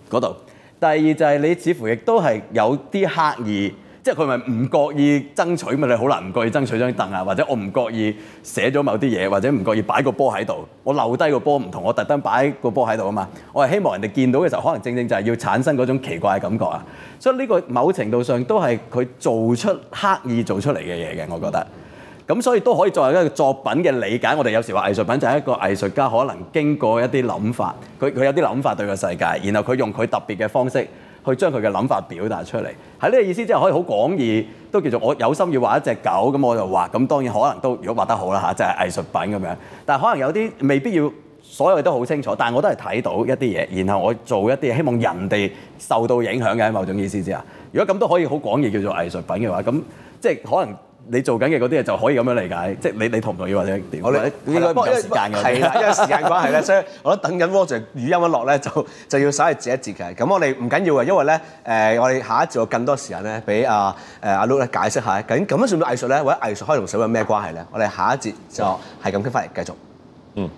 Speaker 2: 嗰度。第二就係你似乎亦都係有啲刻意。即係佢咪唔覺意爭取嘛？你好難唔覺意爭取張凳啊，或者我唔覺意寫咗某啲嘢，或者唔覺意擺個波喺度。我漏低個波唔同，我特登擺個波喺度啊嘛。我係希望人哋見到嘅時候，可能正正就係要產生嗰種奇怪嘅感覺啊。所以呢個某程度上都係佢做出刻意做出嚟嘅嘢嘅，我覺得。咁所以都可以作為一個作品嘅理解。我哋有時話藝術品就係一個藝術家可能經過一啲諗法，佢佢有啲諗法對個世界，然後佢用佢特別嘅方式，去將佢嘅諗法表達出嚟，係呢個意思之下，即係可以好廣義，都叫做我有心要畫一隻狗，咁我就畫，咁當然可能都如果畫得好啦嚇，即係藝術品咁樣。但係可能有啲未必要所有嘢都好清楚，但係我都係睇到一啲嘢，然後我做一啲希望人哋受到影響嘅某種意思之下，如果咁都可以好廣義叫做藝術品嘅話，咁即係可能。你做緊嘅嗰啲嘢就可以咁樣理解，即係你你同唔同意或者點？我哋應該唔夠時間㗎。係啦，因為時間關係咧，
Speaker 1: 所以我都等緊 Roger 語音一落咧，就就要稍為截一截嘅。咁我哋唔緊要嘅，因為咧誒，我哋下一節有更多時間咧，俾阿誒阿 Lulu 解釋下，究竟咁樣算唔算藝術咧？或者藝術可以同社會有咩關係咧？我哋下一節就係咁傾翻嚟繼續。嗯。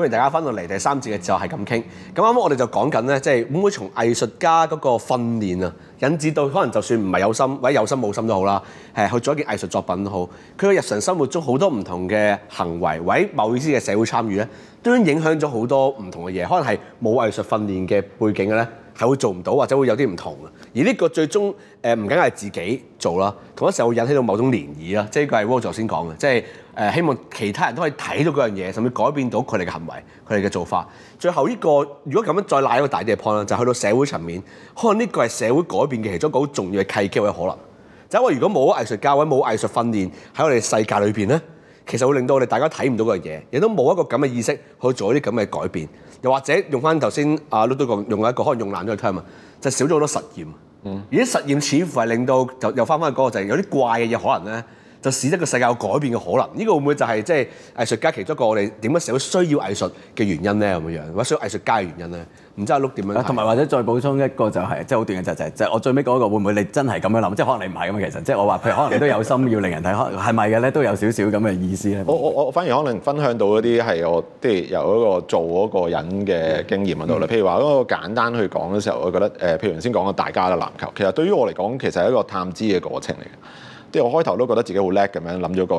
Speaker 1: 歡迎大家翻到嚟第三節嘅時候係咁傾。咁啱啱我哋就講緊咧，即係會唔會從藝術家嗰個訓練啊，引致到可能就算唔係有心或者有心冇心都好啦，誒去做一件藝術作品都好，佢嘅日常生活中好多唔同嘅行為，或者某意思嘅社會參與咧，都影響咗好多唔同嘅嘢。可能係冇藝術訓練嘅背景嘅咧，係會做唔到或者會有啲唔同嘅。而呢個最終誒唔僅係自己做啦，同一時候會引起到某種漣漪啦。即係呢個係 Wall 先講嘅，即係。誒希望其他人都可以睇到嗰樣嘢，甚至改變到佢哋嘅行為、佢哋嘅做法。最後呢個，如果咁樣再拉一個大啲嘅 point 咧，就去到社會層面，可能呢個係社會改變嘅其中一個好重要嘅契機或者可能。就因為如果冇咗藝術教育、冇藝術訓練喺我哋世界裏邊咧，其實會令到我哋大家睇唔到嗰樣嘢，亦都冇一個咁嘅意識去做啲咁嘅改變。又或者用翻頭先阿 Ludo 講用一個可能用爛咗嘅 term 啊，就少咗好多實驗。嗯。而且實驗似乎係令到就又翻翻去嗰個就係有啲怪嘅嘢可能咧。就使得個世界有改變嘅可能，呢個會唔會就係即係藝術家其中一個我哋點樣社會需要藝術嘅原因咧，咁嘅樣，或者需要藝術家嘅原因咧？唔知阿 Luke 點樣，同埋或
Speaker 2: 者再補充一個就係即係好短嘅，就係就係我最尾講一個，會唔會你真係咁樣諗？即係可能你唔係咁啊其實，即係我話譬如可能你都有心要令人睇開，係咪嘅咧？都有少少咁嘅意思咧？我我我反而可能分享到
Speaker 3: 嗰啲係我即係由一個做嗰個人嘅經驗度啦。嗯、譬如話嗰個簡單去講嘅時候，我覺得誒譬如先講個大家嘅籃球，其實對於我嚟講其實係一個探知嘅過程嚟嘅。即係我開頭都覺得自己好叻咁樣，諗咗個，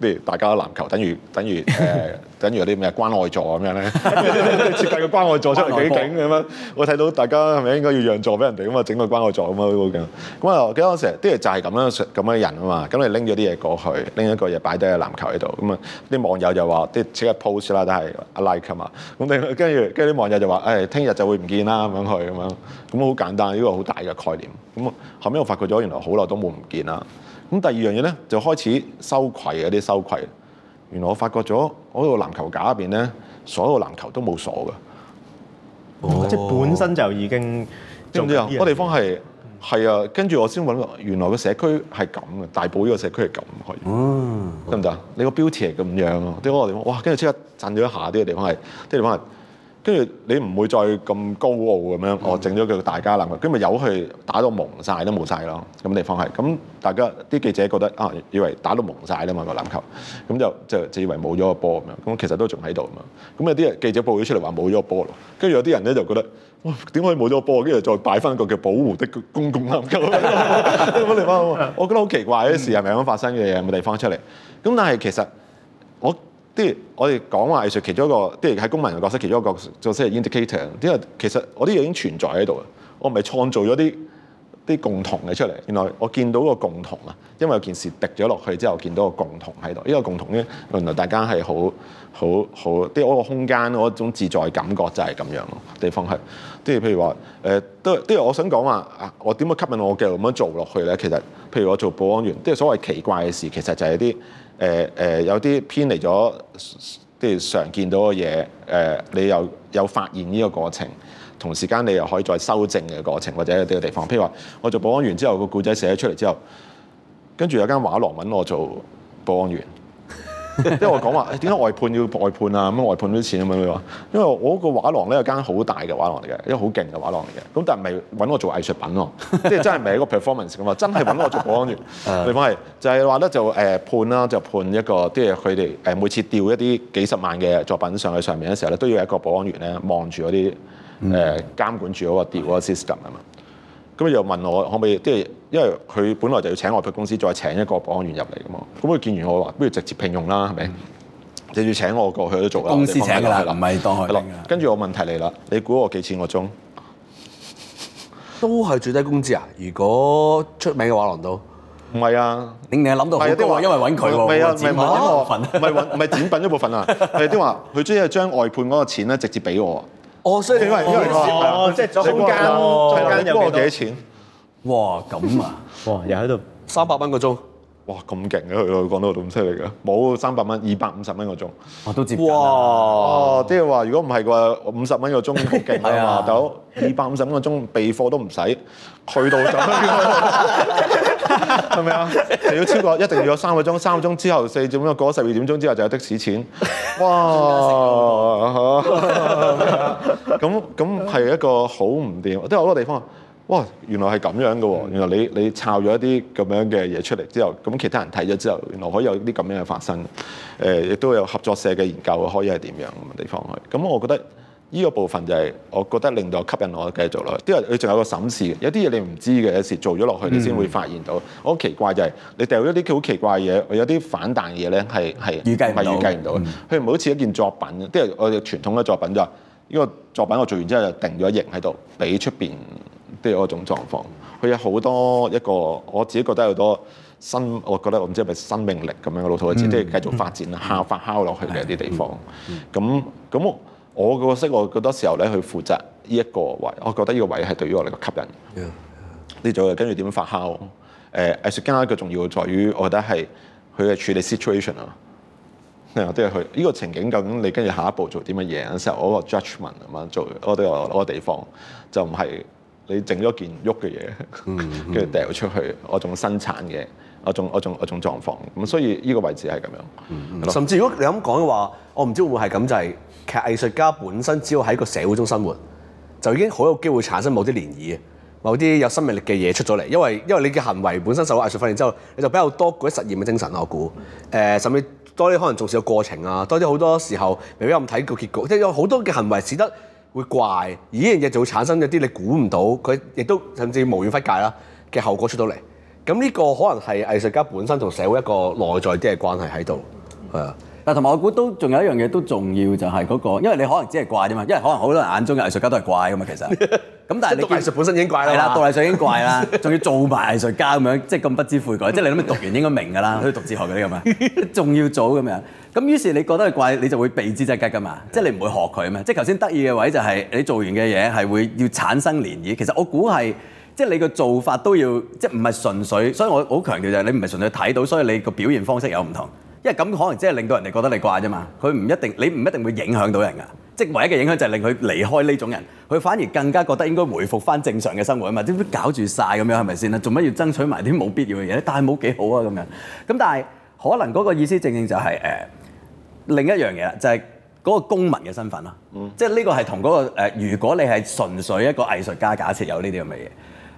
Speaker 3: 譬如大家籃球，等於等於誒，等於有啲咩關愛座咁樣咧， 你設計個關愛座出嚟幾勁咁樣。我睇到大家係咪應該要讓座俾人哋咁啊？整個關愛座咁啊，幾勁！咁、嗯、啊，記得我成日啲嘢就係咁樣，咁樣嘅人啊嘛。咁你拎咗啲嘢過去，拎一個嘢擺低喺籃球喺度。咁啊，啲網友就話即刻 post 啦，都係 like 啊嘛。咁你跟住，跟啲網友就話：誒、哎，聽日就會唔見啦咁樣去咁樣。咁好簡單，呢、這個好大嘅概念。咁啊，後尾我發覺咗，原來好耐都冇唔見啦。咁第二樣嘢咧，就開始收攜啊啲收攜。原來我發覺咗，我、那、喺個籃球架入邊咧，所有個籃球都冇鎖㗎。哦、即係本身就已經
Speaker 5: 知唔知、那個嗯、啊？嗰地
Speaker 3: 方係係啊，跟住我先揾，原來社個社區係咁嘅，大埔呢個社區係咁嘅。嗯，得唔得啊？嗯、你個標題係咁樣啊？啲嗰個地方，哇！跟住即刻震咗一下，啲、那、嘅、個、地方係，啲、那個、地方係。跟住你唔會再咁高傲咁樣，我整咗個大家籃，跟住由去打到蒙晒都冇晒咯，咁地方係。咁大家啲記者覺得啊，以為打到蒙晒啦嘛個籃球，咁就就係以為冇咗個波咁樣。咁其實都仲喺度咁啊。咁有啲人記者報咗出嚟話冇咗個波咯。跟住有啲人咧就覺得，哇，點可以冇咗個波？跟住再擺翻個叫保護的公共籃球咁地方。 我覺得好奇怪，啲事係咪咁發生嘅嘢冇地方出嚟？咁但係其實。即係我哋講話藝術其中一個，即係喺公民嘅角色，其中一個角色係 indicator。因為其實我啲嘢已經存在喺度啊，我唔係創造咗啲啲共同嘅出嚟。原來我見到個共同啊，因為有件事滴咗落去之後，見到個共同喺度。呢個共同咧，原來大家係好好好，即係我個空間，我一種自在感覺就係咁樣咯。地方係即係譬如話誒，都係我想講話啊，我點樣吸引我繼續咁樣做落去咧？其實，譬如我做保安員，即係所謂奇怪嘅事，其實就係啲。.誒誒有啲偏離咗即係常見到嘅嘢，誒你又有發現呢個過程，同時間你又可以再修正嘅過程，或者呢個地方，譬如話我做保安員之後個故仔寫咗出嚟之後，跟住有間畫廊揾我做保安員。因 為我講話點解外判要外判啊？咁外判啲錢咁樣。佢話因為我個畫廊咧有間好大嘅畫廊嚟嘅，因為好勁嘅畫廊嚟嘅。咁但係唔係揾我做藝術品咯。 即係真係唔係一個 performance 咁啊！真係揾我做保安員。地方係就係話咧就誒判啦，就判一個，即係佢哋誒每次吊一啲幾十萬嘅作品上去上面嘅時候咧，都要一個保安員咧望住嗰啲誒監管住嗰個吊嗰個 system 啊嘛。咁佢又問我可唔可以，即係因為佢本來就要請外判公司再請一個保安員入嚟㗎嘛。咁佢見完我話，不如直接聘用啦，係咪？直接請我過去都做啦。公司請㗎啦，唔係當海。跟住我問題嚟啦，你估我幾錢個鐘？都係最低工資啊？如果出名嘅話，難到唔係啊？你你係諗到係啲話，因為揾佢喎，唔係揾唔係展品一部分啊。係啲話，佢即係將外判嗰個錢咧，直接俾我。哦，所以因為因為少排，即係中間、左間有幾多錢？哇，咁啊！哇，又喺度三百蚊個鐘，哇，咁勁嘅佢喎，講到咁犀利嘅，冇三百蚊，二百五十蚊個鐘我都接，哇！即係話如果唔係嘅話，五十蚊個鐘好勁啊嘛，到二百五十蚊個鐘備貨都唔使，去到就咁樣。係咪啊？係要超過，一定要有三個鐘，三個鐘之後四點鐘過咗十二點鐘之後就有的士錢。哇！咁咁係一個好唔掂，都有好多地方。哇！原來係咁樣嘅喎，原來你你抄咗一啲咁樣嘅嘢出嚟之後，咁其他人睇咗之後，原來可以有啲咁樣嘅發生。誒，亦都有合作社嘅研究可以係點樣咁嘅地方去。咁我覺得。呢個部分就係我覺得令到吸引我繼續落去，因為佢仲有個審視有啲嘢你唔知嘅，有時做咗落去你先會發現到。Um, 嗯、我好奇怪就係你掉咗啲好奇怪嘅嘢，我有啲反彈嘅嘢咧，係係唔係預計唔到。佢唔好似一件作品，即係我哋傳統嘅作品就係呢個作品我做完之後就定咗型喺度，俾出邊都有一種狀況。佢有好多一個我自己覺得好多新，我覺得我唔知係咪生命力咁樣嘅老土嘅即係繼續發展、敲發酵落去嘅一啲地方。咁咁我個角色我好多時候咧，去負責呢一個位，我覺得呢個位係對於我嚟講吸引。呢組 Yeah, yeah. 跟住點發酵？誒，藝術家一個重要在於，我覺得係佢嘅處理 situation 啊，係、uh, 啊、嗯，佢、嗯、依個情景究竟你跟住下一步做啲乜嘢？嗰時候我個 judgement 咁樣，做我對我嗰個地方就唔係你整咗件喐嘅嘢，跟住掉出去，我仲生產嘅，我仲我仲狀況。咁所以呢個位置係咁樣。
Speaker 5: Mm hmm. Right. 甚
Speaker 3: 至如果你咁講嘅話，我
Speaker 1: 唔知會係咁就係。Mm hmm. 其實藝術家本身只要喺個社會中生活，就已經好有機會產生某啲漣漪，某啲有生命力嘅嘢出咗嚟。因為因為你嘅行為本身受到藝術訓練之後，你就比較多嗰啲實驗嘅精神我估誒、呃，甚至多啲可能重視個過程啊，多啲好多時候未必咁睇個結局。即係有好多嘅行為，使得會怪，而呢樣嘢就會產生一啲你估唔到，佢亦都甚至無遠弗屆啦嘅後果出到嚟。咁呢個可能係藝
Speaker 2: 術家本身同社會一個內在啲嘅關係喺度，係啊。但同埋我估都仲有一樣嘢都重要，就係嗰個，因為你可能只係怪啫嘛，因為可能好多人眼中嘅藝術家都係怪噶嘛，其實。咁 但係你讀藝術本身已經怪啦。係啦，讀藝術已經怪啦，仲 要做埋藝術家咁樣，即係咁不知悔改。即係你諗，你讀完應該明㗎啦，好似讀哲學嗰啲咁啊。仲 要做咁樣，咁於是你覺得係怪，你就會避之則吉㗎嘛。即係 你唔會學佢啊嘛。即係頭先得意嘅位就係你做完嘅嘢係會要產生漣漪。其實我估係即係你個做法都要即係唔係純粹。所以我好強調就係你唔係純粹睇到，所以你個表現方式有唔同。因為咁可能即係令到人哋覺得你怪啫嘛，佢唔一定，你唔一定會影響到人噶，即係唯一嘅影響就係令佢離開呢種人，佢反而更加覺得應該回復翻正常嘅生活啊嘛，點點搞住晒咁樣係咪先啦？做乜要爭取埋啲冇必要嘅嘢？但係冇幾好啊咁樣，咁但係可能嗰個意思正正就係、是、誒、呃、另一樣嘢就係、是、嗰個公民嘅身份囉，嗯、即係呢個係同嗰、那個、呃、如果你係純粹一個藝術家，假設有呢啲咁嘅嘢，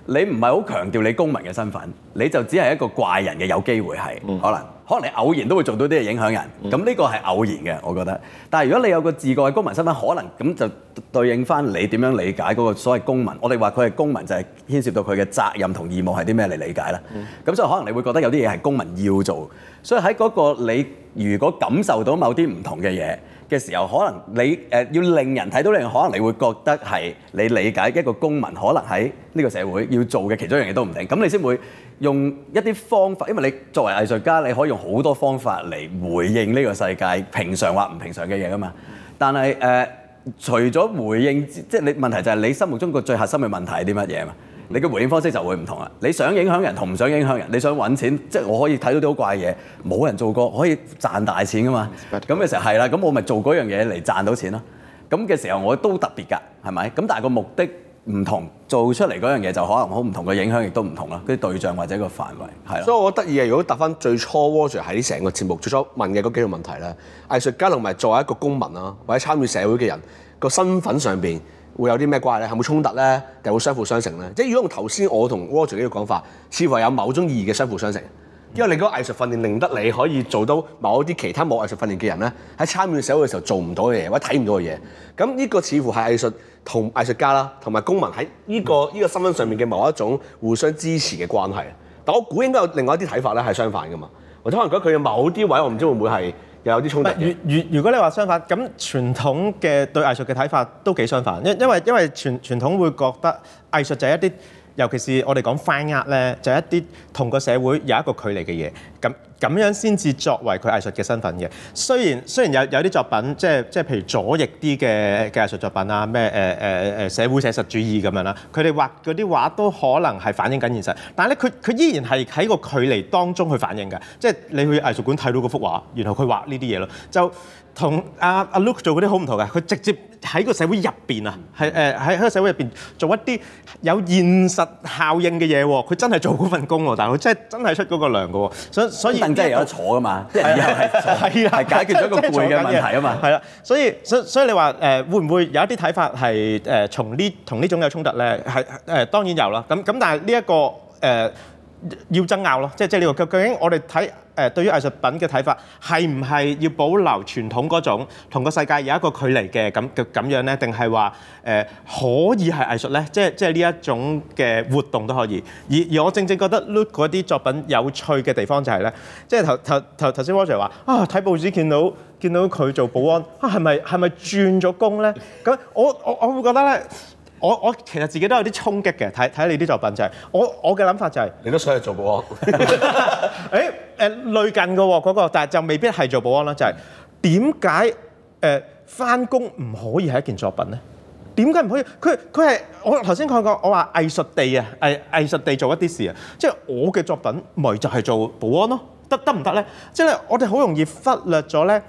Speaker 2: 你唔係好強調你公民嘅身份，你就只係一個怪人嘅，有機會係、嗯、可能。可能你偶然都會做到啲嘢影響人，咁呢、嗯、個係偶然嘅，我覺得。但係如果你有個自覺嘅公民身份，可能咁就對應翻你點樣理解嗰個所謂公民。我哋話佢係公民就係、是、牽涉到佢嘅責任同義務係啲咩嚟理解啦。咁、嗯、所以可能你會覺得有啲嘢係公民要做，所以喺嗰個你如果感受到某啲唔同嘅嘢嘅時候，可能你誒要令人睇到你，可能你會覺得係你理解一個公民可能喺呢個社會要做嘅其中一樣嘢都唔定，咁你先會用一啲方法，因為你作為藝術家，你可以用好多方法嚟回應呢個世界平常或唔平常嘅嘢噶嘛。但係誒，除咗回應，即係你問題就係你心目中個最核心嘅問題係啲乜嘢嘛？你嘅回應方式就會唔同啦。你想影響人同唔想影響人，你想揾錢，即係我可以睇到啲好怪嘢，冇人做過，可以賺大錢噶嘛。咁嘅 pect 時候係啦，咁我咪做嗰樣嘢嚟賺到錢咯。咁嘅時候我都特別㗎，係咪？咁但係個目的唔同，做出嚟嗰樣嘢就可能好唔同嘅影響，亦都唔同啦。嗰啲對象或者個範圍係。所
Speaker 1: 以我覺得得意係，如果答翻最初 Walter 喺成個節目最初問嘅嗰幾樣問題咧，藝術家同埋作為一個公民啦，或者參與社會嘅人、個身份上邊。會有啲咩關係咧？係冇衝突咧，定係會相輔相成咧？即係如果用頭先我同 Roger 呢個講法，似乎係有某種意義嘅相輔相成，因為你嗰個藝術訓練令得你可以做到某一啲其他冇藝術訓練嘅人咧，喺參與社會嘅時候做唔到嘅嘢，或者睇唔到嘅嘢。咁呢個似乎係藝術同藝術家啦，同埋公民喺呢個呢個身份上面嘅某一種互相支持嘅關係。但我估應該有另外一啲睇法咧，係相反㗎嘛。我可能覺得佢嘅某啲位，我唔知會唔會係。有啲衝突，如如如果你話相
Speaker 4: 反，咁傳統嘅對藝術嘅睇法都幾相反。因因為因為傳傳統會覺得藝術就係一啲，尤其是我哋講 fine art 咧，就係一啲同個社會有一個距離嘅嘢。咁咁樣先至作為佢藝術嘅身份嘅。雖然雖然有有啲作品，即係即係譬如左翼啲嘅嘅藝術作品啊，咩誒誒誒社會寫實主義咁樣啦，佢哋畫嗰啲畫都可能係反映緊現實。但係咧，佢佢依然係喺個距離當中去反映嘅。即係你去藝術館睇到嗰幅畫，然後佢畫呢啲嘢咯，就阿阿同阿阿 Luke 做嗰啲好唔同嘅。佢直接喺個社會入邊啊，係誒喺喺個社會入邊做一啲有現實效應嘅嘢喎。佢真係做嗰份工喎，但係佢真係真係出嗰個糧嘅喎。所所以。嗯即係有得坐噶嘛，即係又係解決咗一個攰嘅問題啊嘛。係啦吧，所以所以所以你話誒、呃、會唔會有一啲睇法係誒從呢同呢種有衝突咧？係誒、呃、當然有啦。咁咁但係呢一個誒。呃要爭拗咯，即係即係呢個。究竟我哋睇誒對於藝術品嘅睇法係唔係要保留傳統嗰種同個世界有一個距離嘅咁嘅咁樣咧？定係話誒可以係藝術咧？即係即係呢一種嘅活動都可以。而而我正正覺得 look 嗰啲作品有趣嘅地方就係咧，即係頭頭頭頭先 Roger 話啊，睇報紙見到見到佢做保安啊，係咪係咪轉咗工咧？咁我我我會覺得咧。我我其實自己都有啲衝擊嘅，睇睇你啲作品就係我我嘅諗法就係，你都想去做保安？誒誒，類近嘅喎嗰個，但係就未必係做保安啦。就係點解誒返工唔可以係一件作品咧？點解唔可以？佢佢係我頭先講過，我話藝術地啊，藝藝術地做一啲事啊，即係我嘅作品咪就係做保安咯？得得唔得咧？即係我哋好容易忽略咗咧。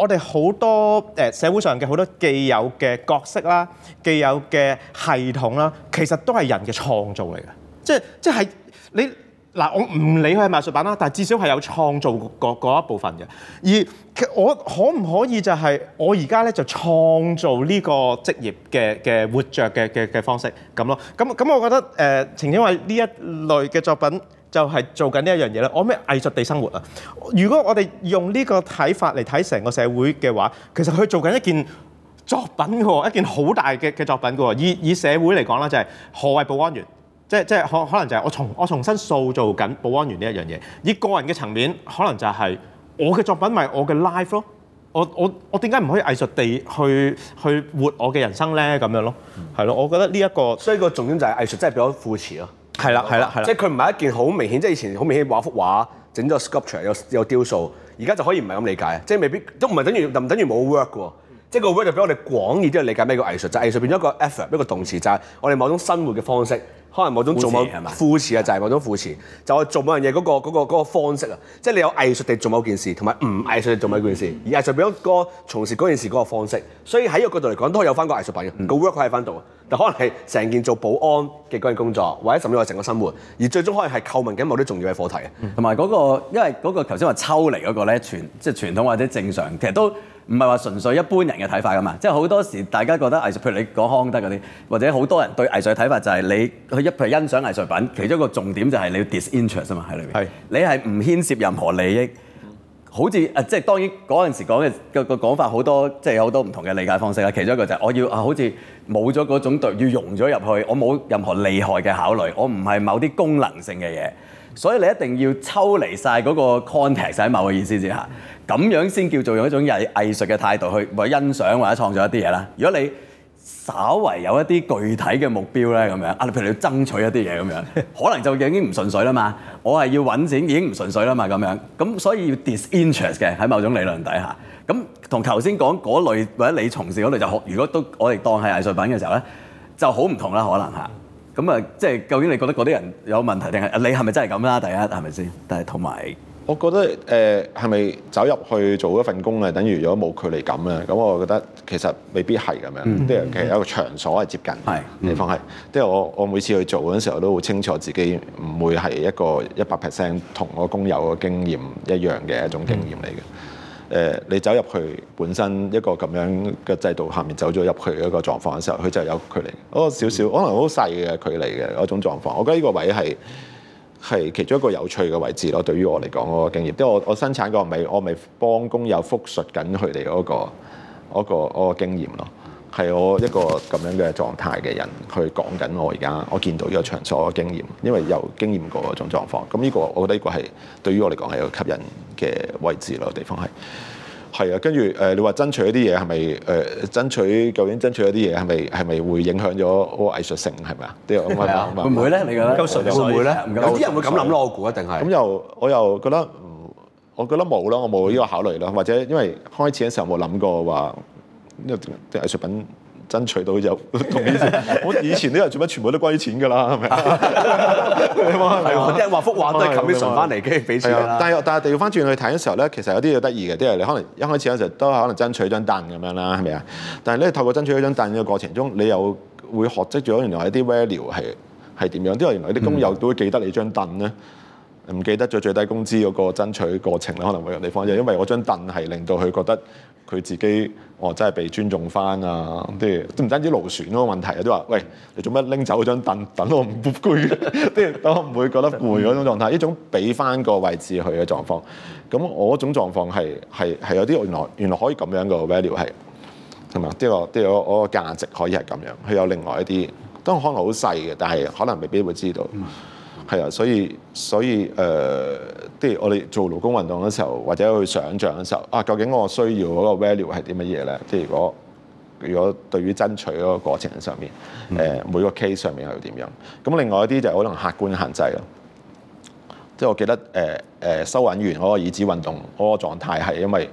Speaker 4: 我哋好多誒、呃、社會上嘅好多既有嘅角色啦，既有嘅系統啦，其實都係人嘅創造嚟嘅，即係即係你嗱，我唔理佢係藝術品啦，但係至少係有創造嗰一部分嘅。而我可唔可以就係我而家咧就創造呢個職業嘅嘅活著嘅嘅嘅方式咁咯？咁咁，我覺得誒，程展緯呢一類嘅作品。就係做緊呢一樣嘢啦。我咩藝術地生活啊？如果我哋用呢個睇法嚟睇成個社會嘅話，其實佢做緊一件作品喎，一件好大嘅嘅作品喎。以以社會嚟講啦，就係何謂保安員？即即係可可能就係我重我重新塑造緊保安員呢一樣嘢。以個人嘅層面，可能就係我嘅作品咪我嘅 life 咯。我我我點解唔可以藝術地去去活我嘅人生咧？咁樣咯，係咯。我覺得呢一個所以個
Speaker 1: 重點就係藝術真係比較富辭咯。
Speaker 4: 係啦，係啦，係啦，即係
Speaker 1: 佢唔係一件好明顯，即係以前好明顯畫一幅畫，整咗 sculpture，有雕塑，而家就可以唔係咁理解，即係未必都唔係等於，就唔等於冇 work 喎。即係個 work 就俾我哋廣義啲去理解咩叫藝術，就係、藝術變咗一個 effort，一個動詞，就係、係、我哋某種生活嘅方式，可能某種做某副詞啊，就係、係、某種副詞，就係做某樣嘢嗰個嗰個嗰個方式啊。即係你有藝術地做某件事，同埋唔藝術地做某件事，而藝術變咗個從事嗰件事嗰個方式。所以喺個角度嚟講，都係有翻個藝術品嘅、嗯、個 work 喺翻度，但可能係成件做保
Speaker 2: 安嘅嗰樣工作，或者甚至係成個生活，而最終可能係構成緊某啲重要嘅課題。同埋嗰個，因為嗰個頭先話抽離嗰個咧，傳即係傳統或者正常，其實都，唔係話純粹一般人嘅睇法㗎嘛，即係好多時大家覺得藝術，譬如你講康德嗰啲，或者好多人對藝術嘅睇法就係你佢一，譬如欣賞藝術品，其中一個重點就係你要 disinterest 啊嘛，喺裏邊，裡面是你係唔牽涉任何利益，好似啊即係當然嗰陣時講嘅、嗰個個講法好多，即係好多唔同嘅理解方式啦。其中一個就係我要啊，好似冇咗嗰種對要融咗入去，我冇任何利害嘅考慮，我唔係某啲功能性嘅嘢。所以你一定要抽離晒嗰個 context，喺某個意思之下，咁樣先叫做用一種藝藝術嘅態度去或者欣賞或者創造一啲嘢啦。如果你稍為有一啲具體嘅目標咧，咁樣啊，譬如你要爭取一啲嘢咁樣，可能就已經唔順水啦嘛。我係要揾錢已經唔順水啦嘛，咁樣咁所以要 disinterest 嘅，喺某種理論底下，咁同頭先講嗰類或者你從事嗰類就學，如果都我哋當係藝術品嘅時候咧，就好唔同啦，可能嚇。咁啊，即係究竟你覺得嗰啲人有問題定係你係咪真係咁啦？第一係咪先？但係同埋，
Speaker 3: 我覺得誒係咪走入去做一份工係等於如果冇距離感啊？咁我覺得其實未必係咁樣。即係、嗯、其實有一個場所係接近地方係，即係、嗯嗯、我我每次去做嗰陣時候都好清楚自己唔會係一個一百 percent 同我工友嘅經驗一樣嘅一種經驗嚟嘅。嗯嗯誒，你走入去本身一個咁樣嘅制度下面走咗入去一個狀況嘅時候，佢就有距離，嗰少少，可能好細嘅距離嘅一種狀況。我覺得呢個位係係其中一個有趣嘅位置咯，對於我嚟講嗰個經驗，因為我我生產嗰個咪我咪幫工友複述緊佢哋嗰個嗰、嗰個嗰、嗰個嗰個、經驗咯。係我一個咁樣嘅狀態嘅人去講緊我而家，我見到呢個場所嘅經驗，因為有經驗過嗰種狀況。咁呢個我覺得呢個係對於我嚟講係一個吸引嘅位置咯，地方係係啊。跟住誒，你話爭取一啲嘢係咪誒爭取？究竟爭取一啲嘢係咪係咪會影響咗個藝術性係咪啊？啲咁嘅嘢會唔會咧？你覺得會唔會咧？有啲人會咁諗咯，我估一定係。咁又我又覺得，我覺得冇咯，我冇呢個考慮咯。或者因為開始嘅時候冇諗過話。啲藝術品爭取到有，同 我以前啲人做乜全部都關於錢㗎啦，係咪？
Speaker 1: 即
Speaker 3: 係畫幅畫都求啲 對錢翻嚟，跟住俾錢，但係但係調翻轉去睇嘅時候咧，其實有啲又得意嘅，即、就、人、是、你可能一開始有時候都可能爭取張凳咁樣啦，係咪啊？但係咧，透過爭取嗰張凳嘅過程中，你又會學識咗原來一啲 value 係係點樣？之後原來啲工友都會記得你張凳咧，唔、嗯、記得咗最低工資嗰個爭取過程咧，可能會有地方，就因為嗰張凳係令到佢覺得。佢自己，哦，真係被尊重翻啊！即係唔單止勞損嗰個問題啊，都話：喂，你做咩拎走嗰張凳？等我唔攰，即 係我唔會覺得攰嗰種狀態，一種俾翻個位置佢嘅狀況。咁我嗰種狀況係係有啲原來原來可以咁樣嘅 value 係，同埋即係我即係我我價值可以係咁樣。佢有另外一啲，都可能好細嘅，但係可能未必會知道。係啊，所以所以誒。呃即係我哋做勞工運動嘅時候，或者去想像嘅時候，啊究竟我需要嗰個 value 係啲乜嘢咧？即係如果如果對於爭取嗰個過程上面，誒、呃、每個 case 上面係點樣？咁另外一啲就係可能客觀限制咯。即係我記得誒誒、呃，收揾完收銀員嗰個椅子運動嗰個狀態係因為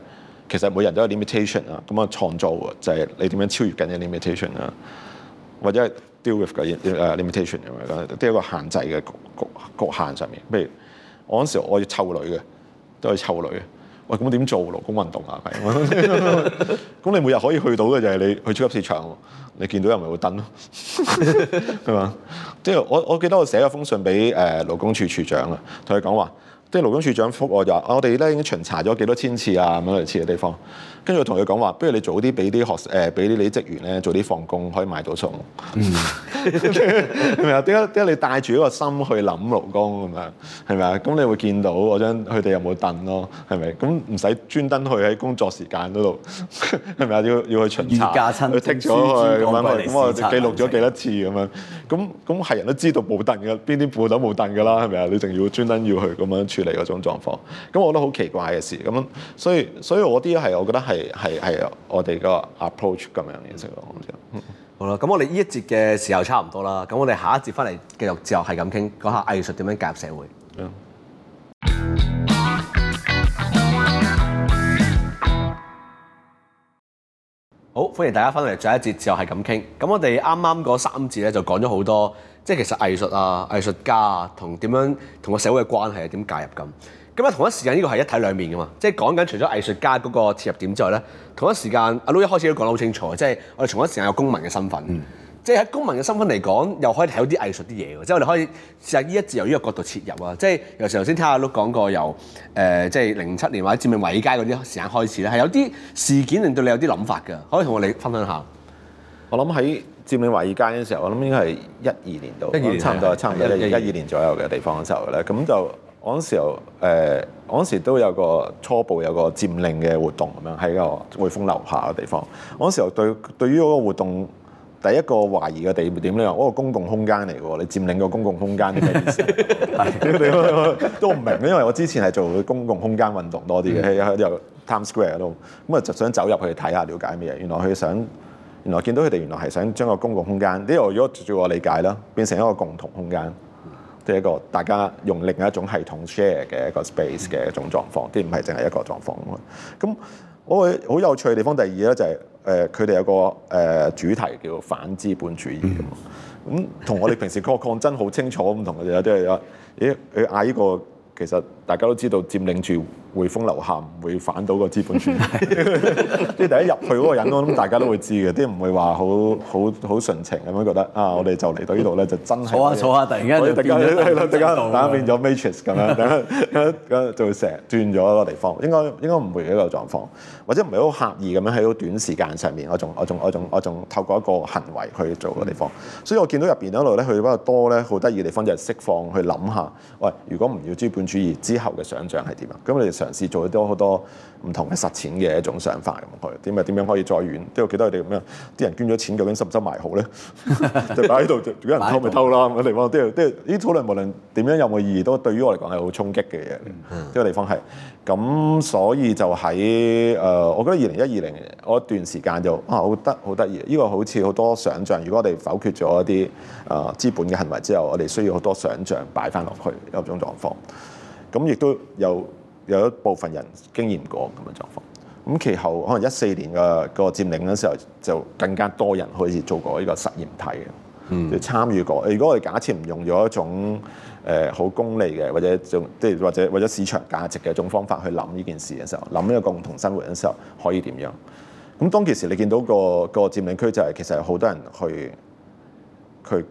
Speaker 3: 其實每人都有 limitation 啊。咁啊，創造就係你點樣超越緊啲 limitation 啊，或者 deal with 嘅 limitation 咁樣，即係一個限制嘅局侷限上面，譬如。我嗰時我要湊女嘅，都係湊女嘅。喂，咁點做勞工運動啊？係，咁 你每日可以去到嘅就係、是、你去超級市場，你見到又咪會登咯，係嘛？ 即係我我記得我寫咗封信俾誒勞工處處長啊，同佢講話。即係勞工處長覆我就話：我哋咧已經巡查咗幾多千次啊，咁樣類似嘅地方。跟住我同佢講話，不如你早啲俾啲學誒俾啲你職員咧早啲放工可以買到餸。係咪啊？點解點解你帶住嗰個心去諗勞工咁樣？係咪啊？咁你會見到我將佢哋有冇凳咯？係咪？咁唔使專登去喺工作時間嗰度。係咪啊？要要去巡查，去剔咗佢咁樣，咁我就記錄咗幾多次咁樣。咁咁係人都知道冇凳嘅，邊啲舖頭冇凳㗎啦？係咪啊？你仲要專登要去咁樣去？處理嗰種狀況，咁我覺得好奇怪嘅事，咁所以所以我啲係我覺得係係係我哋個 approach 咁樣嘅嘢識咯。嗯嗯、
Speaker 5: 好
Speaker 3: 啦，咁我哋呢一節嘅時候差唔多啦，咁我哋
Speaker 1: 下一節翻嚟繼續之後係咁傾，講下藝術點樣介入社會。嗯好，歡迎大家翻嚟。最後一節之後係咁傾。咁我哋啱啱嗰三節咧就講咗好多，即係其實藝術啊、藝術家啊，同點樣同個社會嘅關係啊，點介入咁。咁啊，同一時間呢個係一體兩面噶嘛，即係講緊除咗藝術家嗰個切入點之外咧，同一時間阿 Lou 一開始都講得好清楚，即係我哋同一時間有公民嘅身份。嗯即係喺公民嘅身份嚟講，又可以睇到啲藝術啲嘢，即係我哋可以試下呢一節由呢個角度切入啊！即係由頭先聽阿碌講過，由誒、呃、即係零七年或者佔領華爾街嗰啲時間開始咧，係有啲事件令到你有啲諗法
Speaker 3: 嘅。可以同我哋分享下。我諗喺佔領華爾街嘅時候，我諗應該係一二年到，差唔多差唔多一二年左右嘅地方嘅時候咧。咁就嗰陣時候，誒嗰陣時、呃、時都有個初步有個佔領嘅活動咁樣，喺個匯豐樓下嘅地方。嗰陣時候對對於嗰個活動。第一個懷疑嘅地點咧，嗰、哦、個公共空間嚟嘅喎，你佔領個公共空間係咩意思，都唔明。因為我之前係做公共空間運動多啲嘅，喺 Times Square 嗰度，咁啊就想走入去睇下，了解咩嘢。原來佢想，原來見到佢哋原來係想將個公共空間，呢個如果我照我理解啦，變成一個共同空間，即係一個大家用另一種系統 share 嘅一個 space 嘅一種狀況，即係唔係淨係一個狀況咁。 好、哦、有趣嘅地方，第二咧就係誒佢哋有個誒、呃、主題叫反資本主義咁，同、嗯嗯、我哋平時抗抗爭好清楚咁同佢哋有啲係話咦佢嗌呢個其實大家都知道佔領住。匯豐樓下唔會反到個資本主義。即係 第一入去嗰個人我諗大家都會知嘅，啲唔會話好好好純情咁樣覺得啊！我哋就嚟到呢度咧就真係坐下坐下，突然間我，突突然間變咗 Matrix 咁樣咧，嗰嗰做成斷咗一個地方，應該應該唔會一個狀況，或者唔係好刻意咁樣喺個短時間上面，我仲我仲我仲我仲透過一個行為去做個地方。所以我見到入邊嗰度咧，佢比較多咧，好得意嘅地方就係、是、釋放去諗下，喂，如果唔要資本主義之後嘅想像係點啊？咁嘗試做咗好多唔同嘅實踐嘅一種想法，咁佢點啊點樣可以再遠？都記得佢哋咁樣啲人捐咗錢究竟收唔收埋好咧？ 就擺喺度，有人偷咪偷啦，咁嘅地方。即係都係呢討論無論點樣有冇意義，都對於我嚟講係好衝擊嘅嘢。呢、mm hmm. 個地方係咁，所以就喺誒、呃，我覺得二零一二零二零一二年嗰段時間就啊好得好得意。呢、這個好似好多想像。如果我哋否決咗一啲誒、呃、資本嘅行為之後，我哋需要好多想像擺翻落去一種狀況。咁亦都有。有一部分人經驗過咁嘅狀況，咁其後可能一四年嘅、個佔領嘅時候就更加多人開始做過呢個實驗體嘅，嗯、就參與過。如果我哋假設唔用咗一種誒好功利嘅，或者仲即係或者為咗市場價值嘅一種方法去諗呢件事嘅時候，諗呢個共同生活嘅時候可以點樣？咁當其時你見到、個、個佔領區就係、係、其實好多人去去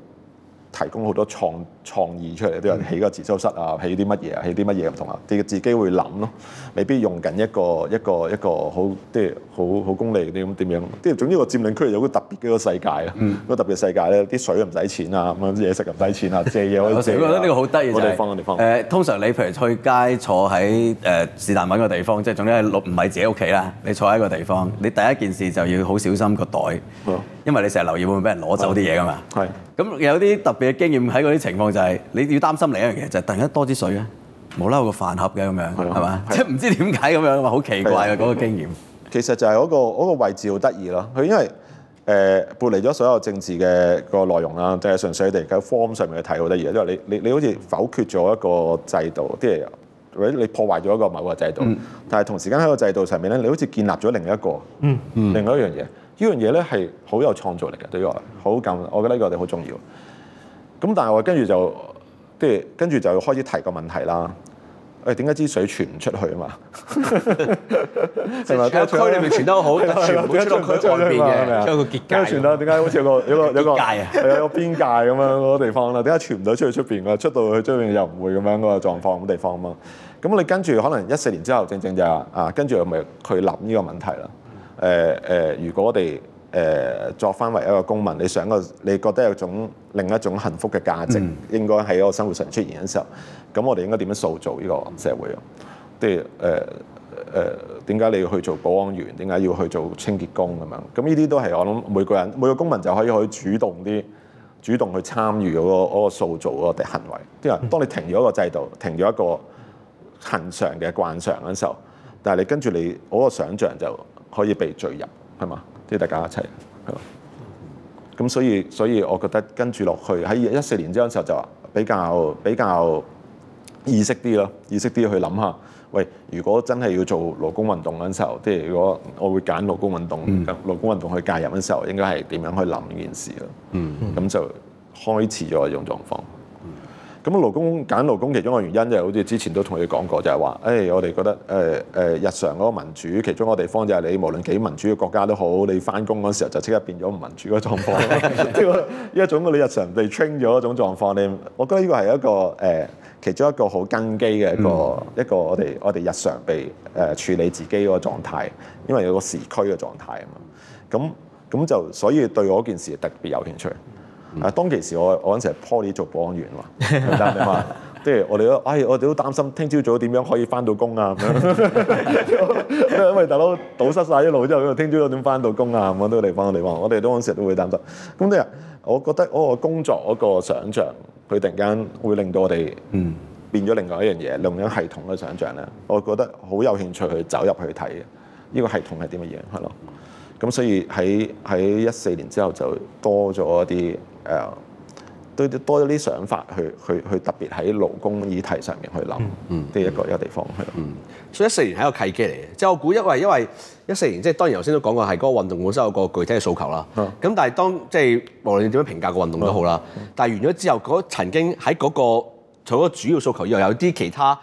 Speaker 3: 提供好多創。創意出嚟啲人起個自修室啊，起啲乜嘢啊，起啲乜嘢唔同啊，啲自己會諗咯，未必用緊一個一個一個好，即係好好功利啲咁點樣。即係總之個佔領區有個特別嘅世界啊，嗯、個特別世界咧，啲水又唔使錢啊，咁嘢食又唔使錢啊，借嘢可以借，我覺得呢個好得意就係、是，
Speaker 2: 誒、呃，通常你譬如去街坐喺誒是但揾個地方，即係總之係唔係自己屋企啦，你坐喺個地方，你第一件事就要好小心個袋，因為你成日留意會唔會俾人攞走啲嘢㗎嘛。係。咁有啲特別嘅經驗喺嗰啲情況。就係你要擔心另一樣嘢，就係、是、突然間多啲水啊！冇啦個飯盒嘅咁樣，係嘛？即係唔知點解咁樣，好奇怪嘅嗰的個經驗。
Speaker 3: 其實就係嗰、那個那個位置好得意咯。佢因為誒撥、呃、離咗所有政治嘅個內容啦，就係、是、純粹你哋喺 form 上面去睇好得意。因、就、為、是、你你你好似否決咗一個制度，即係或者你破壞咗一個某個制度，嗯、但係同時間喺個制度上面咧，你好似建立咗另一個，嗯嗯、另外一樣嘢。呢樣嘢咧係好有創造力嘅，對於我好緊，我覺得呢個我哋好重要。咁但係我跟住就，即係跟住就開始提個問題啦。誒點解支水傳唔出去啊？嘛， 成個區裏面傳得好，全 部出到區 外邊 有個結界。算 啦，點解好似有個有個有個界啊？係有個邊界咁樣嗰個地方啦。點解傳唔到出去出邊㗎？出到去出邊又唔會咁樣嗰、嗰個狀況嗰地方啊嘛。咁你跟住可能一四年之後正正，正就係、啊，跟住咪佢諗呢個問題啦。誒、呃、誒、呃，如果我哋誒作返為一個公民，你想個，你覺得有種另一種幸福嘅價值應該喺一個生活上出現嘅時候，咁我哋應該點樣塑造呢個社會啊？即係誒誒，點、呃、解、呃、你要去做保安員？點解要去做清潔工咁樣？咁呢啲都係我諗，每個人每個公民就可以去主動啲，主動去參與嗰、嗰個嗰個塑造嗰個行為。因為當你停咗一個制度，停咗一個恆常嘅慣常嘅時候，但係你跟住你嗰、嗰個想像就可以被注入，係嘛？即係大家一齊，係咯，咁所以所以我覺得跟住落去喺一四年之後嘅時候就比較比較意識啲咯，意識啲去諗下，喂，如果真係要做勞工運動嗰陣時候，即係如果我會揀勞工運動，嗯，勞工運動去介入嗰陣時候，應該係點樣去諗呢件事咯？嗯，咁就開始咗一種狀況。咁勞工揀勞工，勞工其中一個原因就係好似之前都同你講過，就係話，誒我哋覺得誒誒日常嗰個民主，其中一個地方就係你無論幾民主嘅國家都好，你翻工嗰時候就即刻變咗唔民主嘅狀況。因為因為你日常被 train 咗一種狀況，你我覺得呢個係一個誒其中一個好根基嘅一個、嗯、一個我哋我哋日常被誒處理自己嗰個狀態，因為有個時區嘅狀態啊嘛。咁咁就所以對嗰件事特別有興趣。啊！當其時我我嗰陣時係 Poly 做保安員喎，即係 我哋都唉、哎，我哋都擔心聽朝早點樣可以翻到工啊！因為大佬堵塞晒一路之後，咁聽朝早點翻到工啊？咁嗰啲地方我哋話，我哋都嗰陣時都會擔心。咁咧，我覺得嗰個工作嗰個想象，佢突然間會令到我哋變咗另外一樣嘢，另一系統嘅想象咧，我覺得好有興趣去走入去睇，呢個系統係點嘅嘢係咯？咁所以喺喺一四年之後就多咗一啲。誒，都、uh, 多咗啲想法去去去特別喺勞工議題上面去諗，啲一個一個地方去。所以一四年係一個契機嚟嘅，即係我估，因為因為一四年，即係當然頭先都講過係嗰個運動
Speaker 1: 本身有個具體嘅訴求啦。咁、嗯、但係當即係無論你點樣評價個運動都好啦，嗯嗯嗯、但係完咗之後，曾經喺嗰、除咗嗰、個、主要訴求，又有啲其他。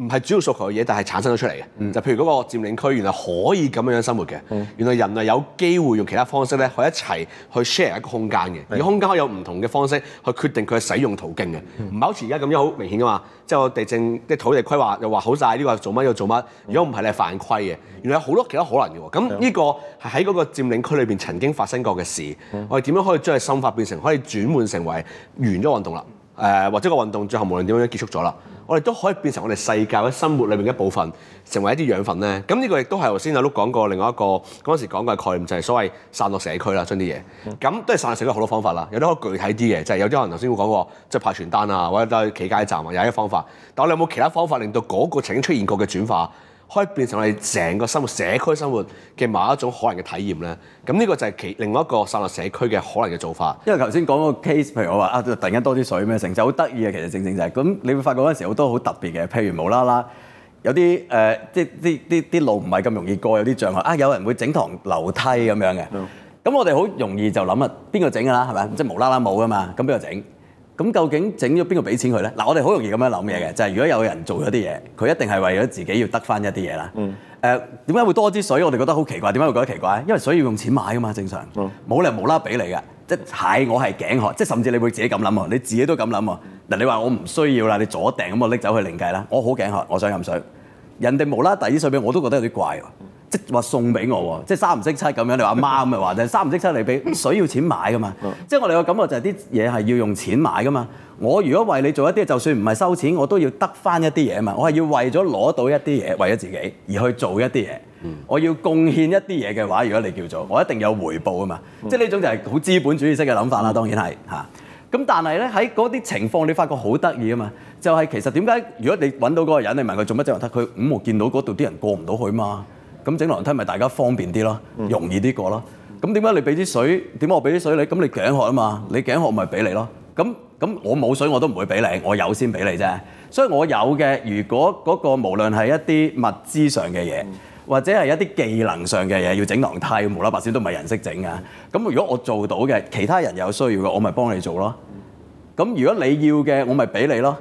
Speaker 1: 唔係主要訴求嘅嘢，但係產生咗出嚟嘅，嗯、就譬如嗰個佔領區，原來可以咁樣樣生活嘅，嗯、原來人類有機會用其他方式咧，可一齊去 share 一個空間嘅，而、嗯、空間可以有唔同嘅方式去決定佢嘅使用途徑嘅，唔係好似而家咁樣好明顯噶嘛，即係我地政即土地規劃又話好晒，呢、呢個做乜要、呢個、做乜，嗯、如果唔係你係犯規嘅，原來有好多其他可能嘅喎，咁呢個係喺嗰個佔領區裏邊曾經發生過嘅事，嗯、我哋點樣可以將佢深化變成可以轉換成為完咗運動啦？誒、呃，或者個運動最後無論點樣結束咗啦。我哋都可以變成我哋世界嘅生活裏面嘅一部分，成為一啲養分咧。咁呢個亦都係頭先阿碌講過，另外一個嗰陣時講過嘅概念，就係所謂散落社區啦，將啲嘢，咁都係散落社區好多方法啦，有啲可以具體啲嘅，就係有啲可能頭先講過，即係派傳單啊，或者都係企街站啊，有一啲方法。但我哋有冇其他方法令到嗰個情景出現過嘅轉化？可以變成我哋成個生活社區生活嘅某一種可能嘅體驗咧，咁呢個就係其另外一個散落社區嘅可能嘅做
Speaker 2: 法。因為頭先講個 case，譬如我話啊，突然間多啲水咩，成就好得意啊，其實正正就係咁。你會發覺嗰陣時好多好特別嘅，譬如無啦啦有啲誒，即係啲啲啲路唔係咁容易過，有啲障礙啊，有人會整堂樓梯咁樣嘅。咁我哋好容易就諗啊，邊個整㗎啦？係咪？即係無啦啦冇噶嘛，咁邊個整？咁究竟整咗邊個俾錢佢咧？嗱，我哋好容易咁樣諗嘢嘅，就係、是、如果有人做咗啲嘢，佢一定係為咗自己要得翻一啲嘢啦。誒，點解會多支水？我哋覺得好奇怪，點解會覺得奇怪？因為水要用錢買㗎嘛，正常。冇理由無啦啦俾你嘅，即係我係頸渴，即係甚至你會自己咁諗喎，你自己都咁諗喎。嗱，你話我唔需要啦，你阻掟咁我拎走去另計啦。我好頸渴，我想飲水，人哋無啦啦遞支水俾我，我都覺得有啲怪喎。即話送俾我喎，即三唔識七咁樣。你話媽咁咪話就係三唔識七，你俾水要錢買噶嘛。 即我哋個感覺就係啲嘢係要用錢買噶嘛。我如果為你做一啲，就算唔係收錢，我都要得翻一啲嘢嘛。我係要為咗攞到一啲嘢，為咗自己而去做一啲嘢。嗯、我要貢獻一啲嘢嘅話，如果你叫做我一定有回報啊嘛。嗯、即呢種就係好資本主義式嘅諗法啦，當然係嚇。咁、嗯、但係咧喺嗰啲情況，你發覺好得意啊嘛。就係、是、其實點解如果你揾到嗰個人，你問佢做乜即話得佢五毛見到嗰度啲人過唔到海嘛？咁整樓梯咪大家方便啲咯，容易啲過咯。咁點解你俾啲水？點解我俾啲水你？咁你頸渴啊嘛，你頸渴咪俾你咯。咁咁我冇水我都唔會俾你，我有先俾你啫。所以我有嘅，如果嗰個無論係一啲物資上嘅嘢，或者係一啲技能上嘅嘢要整樓梯，無啦啦先都唔係人識整噶。咁如果我做到嘅，其他人有需要嘅，我咪幫你做咯。咁如果你要嘅，我咪俾你咯。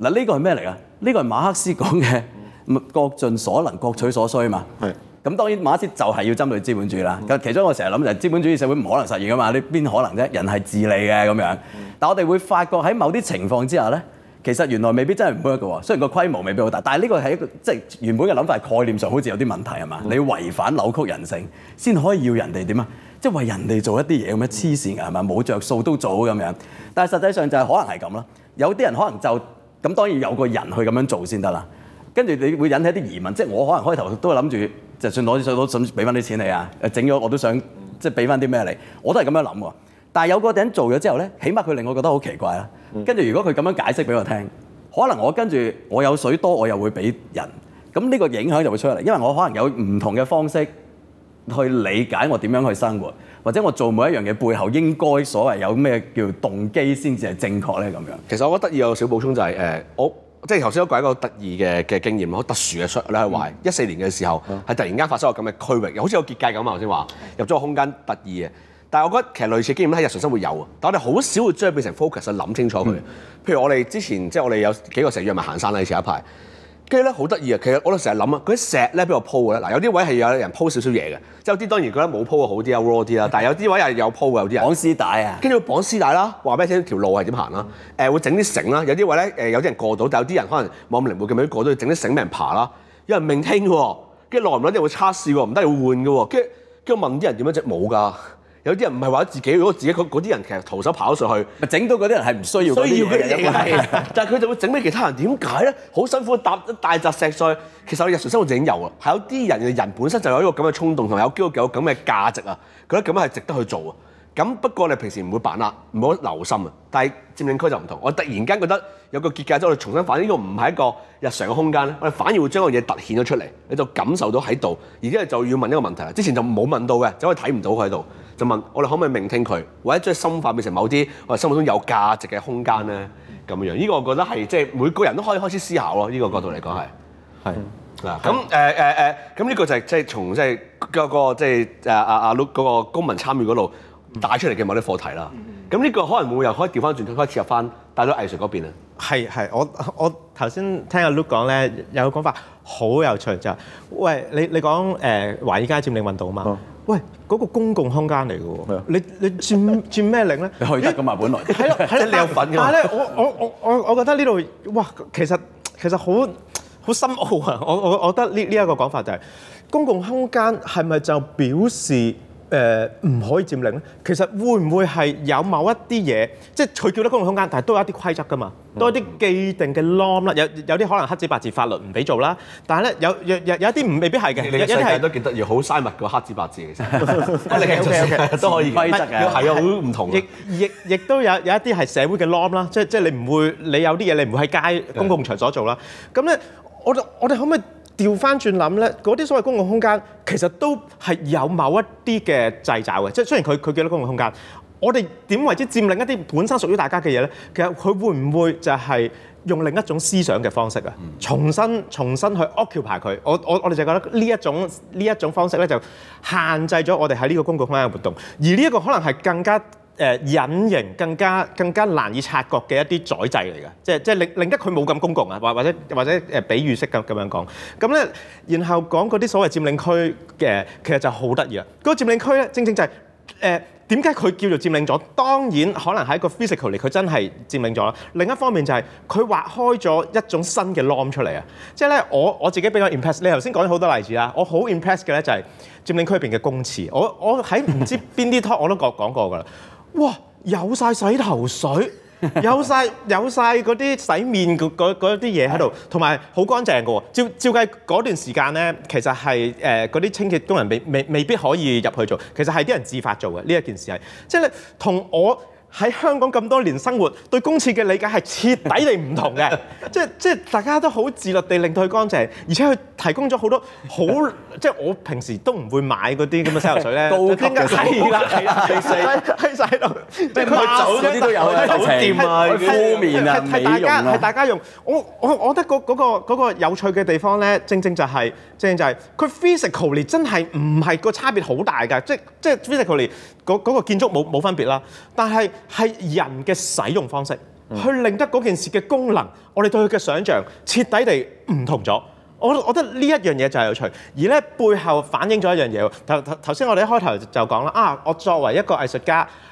Speaker 2: 嗱，呢個係咩嚟啊？呢個係馬克思講嘅。各盡所能，各取所需嘛。係咁的，當然馬克思就係要針對資本主義啦。嗯、其中我成日諗就係資本主義社會唔可能實現噶嘛，你邊可能啫？人係自利嘅咁樣，嗯、但我哋會發覺喺某啲情況之下呢，其實原來未必真係唔 work 嘅。雖然個規模未必好大，但係呢個係一個即係原本嘅諗法概念上好似有啲問題係嘛？嗯、你違反扭曲人性先可以要人哋點啊？即係為人哋做一啲嘢咁樣黐線嘅，係嘛？冇着數都做咁樣，但係實際上就係可能係咁啦。有啲人可能就咁，就當然有個人去咁樣做先得啦。跟住你會引起一啲疑問，即係我可能開頭都會諗住，就算攞啲水都想俾翻啲錢你啊，整咗我都想即係俾翻啲咩你，我都係咁樣諗㗎。但係有個頂做咗之後呢，起碼佢令我覺得好奇怪啦。跟住如果佢咁樣解釋俾我聽，可能我跟住我有水多，我又會俾人。咁呢個影響就會出嚟，因為我可能有唔同嘅方式去理解我點樣去生活，或者我做每一樣嘢背後應該所謂有咩叫動機先至係正確呢。
Speaker 1: 咁樣。其實我覺得要有點有點小補充就係，誒，我。即係頭先都講一個特異嘅嘅經驗好特殊嘅出你話，一四、嗯、年嘅時候係、嗯、突然間發生個咁嘅區域，又好似有結界咁啊！頭先話入咗個空間，特異嘅。但係我覺得其實類似嘅經驗喺日常生活有，但係我哋好少會將佢變成 focus 去諗清楚佢。嗯、譬如我哋之前即係我哋有幾個成日咪行山啦，前一,一排。跟住咧好得意啊！其實我都成日諗啊，嗰啲石咧邊度鋪嘅咧？嗱、呃，有啲位係有人鋪少少嘢嘅，即係有啲當然覺得冇鋪嘅好啲啊，raw 啲啦。但係有啲位又有鋪嘅，有啲人綁絲帶啊。跟住會綁絲帶啦，話咩先？條路係點行啦？誒會整啲繩啦。有啲位咧誒有啲人過到，但有啲人可能冇咁靈活咁咪過到，要整啲繩俾人爬啦。有人命聽嘅，跟住耐唔耐又會測試喎，唔得要會換嘅喎。跟住跟住問啲人點樣着帽㗎？有啲人唔係話自己，如果自己嗰啲人其實徒手跑上去，整到嗰啲人係唔需要嗰嘅，就係、 但係佢就會整俾其他人。點解呢？好辛苦搭大石石碎，其實日常生活就已經有啦。係有啲人人本身就有一個咁嘅衝動，同埋有機會有咁嘅價值啊，覺得咁樣係值得去做啊。咁不過，你平時唔會把握，唔好留心啊。但係佔領區就唔同，我突然間覺得有個結界之後我哋重、重新反映呢個唔係一個日常嘅空間咧。我哋反而會將個嘢凸顯咗出嚟，你就感受到喺度，而家就要問一個問題啦。之前就冇問到嘅，就走去睇唔到喺度，就問我哋可唔可以聆聽佢，或者將心化變成某啲我哋心目中有價值嘅空間咧？咁樣呢、呢個我覺得係即係每個人都可以開始思考咯。呢、呢個角度嚟講係係嗱咁誒誒誒，咁呢個就係即係從即係嗰個即係啊阿阿碌 o 個公民參與嗰度。帶出嚟嘅某啲課題啦，咁呢個可能會又可以調翻轉，可以切入翻帶到藝術嗰邊啊。係係，我我頭先聽阿 Luke 講咧，有個講法好
Speaker 4: 有趣，就係，喂，你你講誒華爾街佔領運動啊嘛？喂，嗰個公共空間嚟㗎喎，你你佔佔咩領咧？你去得㗎嘛，本來。係咯係咯，你有份㗎嘛？但係咧，我我我我我覺得呢度，哇，其實其實好好深奧啊！我我我覺得呢呢一個講法就係，公共空間係咪就表示，誒唔可以佔領咧，其實會唔會係有某一啲嘢，即係佢叫得公共空間，但係都有一啲規則㗎嘛，都係啲既定嘅 norm 啦，有有啲可能黑字白字法律唔俾做啦，但係咧有有有有啲唔未必係嘅，你世界都幾得意，好曬密個黑字白字
Speaker 1: 其實，都可以規則嘅，係啊，好唔同，亦
Speaker 4: 亦亦都有有一啲係社會嘅 norm 啦，即係即係你唔會你有啲嘢你唔會喺街公共場所做啦，咁咧我我哋可唔可以。調翻轉諗咧，嗰啲所謂公共空間其實都係有某一啲嘅掣肘嘅，即係雖然佢佢叫做公共空間，我哋點為之佔領一啲本身屬於大家嘅嘢咧？其實佢會唔會就係用另一種思想嘅方式啊？重新重新去 occupy 佢，我我我哋就覺得呢一種呢一種方式咧，就限制咗我哋喺呢個公共空間嘅活動，而呢一個可能係更加。誒隱形更加更加難以察覺嘅一啲宰制嚟㗎，即係即係令令得佢冇咁公共啊，或者或者或者誒比喻式咁咁樣，樣講咁咧。然後講嗰啲所謂佔領區嘅，其實就好得意啊。嗰個佔領區咧，正正就係誒點解佢叫做佔領咗？當然可能係一個 physically 佢真係佔領咗啦。另一方面就係佢劃開咗一種新嘅 law 出嚟啊。即係咧，我我自己比較 impress。你頭先講咗好多例子啦，我好 impress 嘅咧就係佔領區入邊嘅公廁。我我喺唔知邊啲 talk 我都講講過㗎啦。 哇！有晒洗頭水，有晒有曬嗰啲洗面嗰啲嘢喺度，同埋好乾淨嘅喎。照照計嗰段時間呢，其實係誒嗰啲清潔工人未未未必可以入去做，其實係啲人自發做嘅呢一件事係，即係你同我。喺香港咁多年生活，對公廁嘅理解係徹底地唔同嘅，即係即係大家都好自律地令到佢乾淨，而且佢提供咗好多好即係我平時都唔會買嗰啲咁嘅洗頭水咧，係啦係啦，
Speaker 1: 係洗頭，即係抹酒嗰啲都有，好掂啊，敷
Speaker 4: 面啊，美容啊，係大家用，我我我覺得嗰嗰個嗰個有趣嘅地方咧，正正就係正正就係佢 physically 真係唔係個差別好大㗎，即係即係 physically 嗰嗰個建築冇冇分別啦，但係。係人嘅使用方式，去令得嗰件事嘅功能，我哋對佢嘅想象徹底地唔同咗。我覺得呢一樣嘢就係有趣，而呢背後反映咗一樣嘢。頭頭先我哋一開頭就講啦，啊，我作為一個藝術家。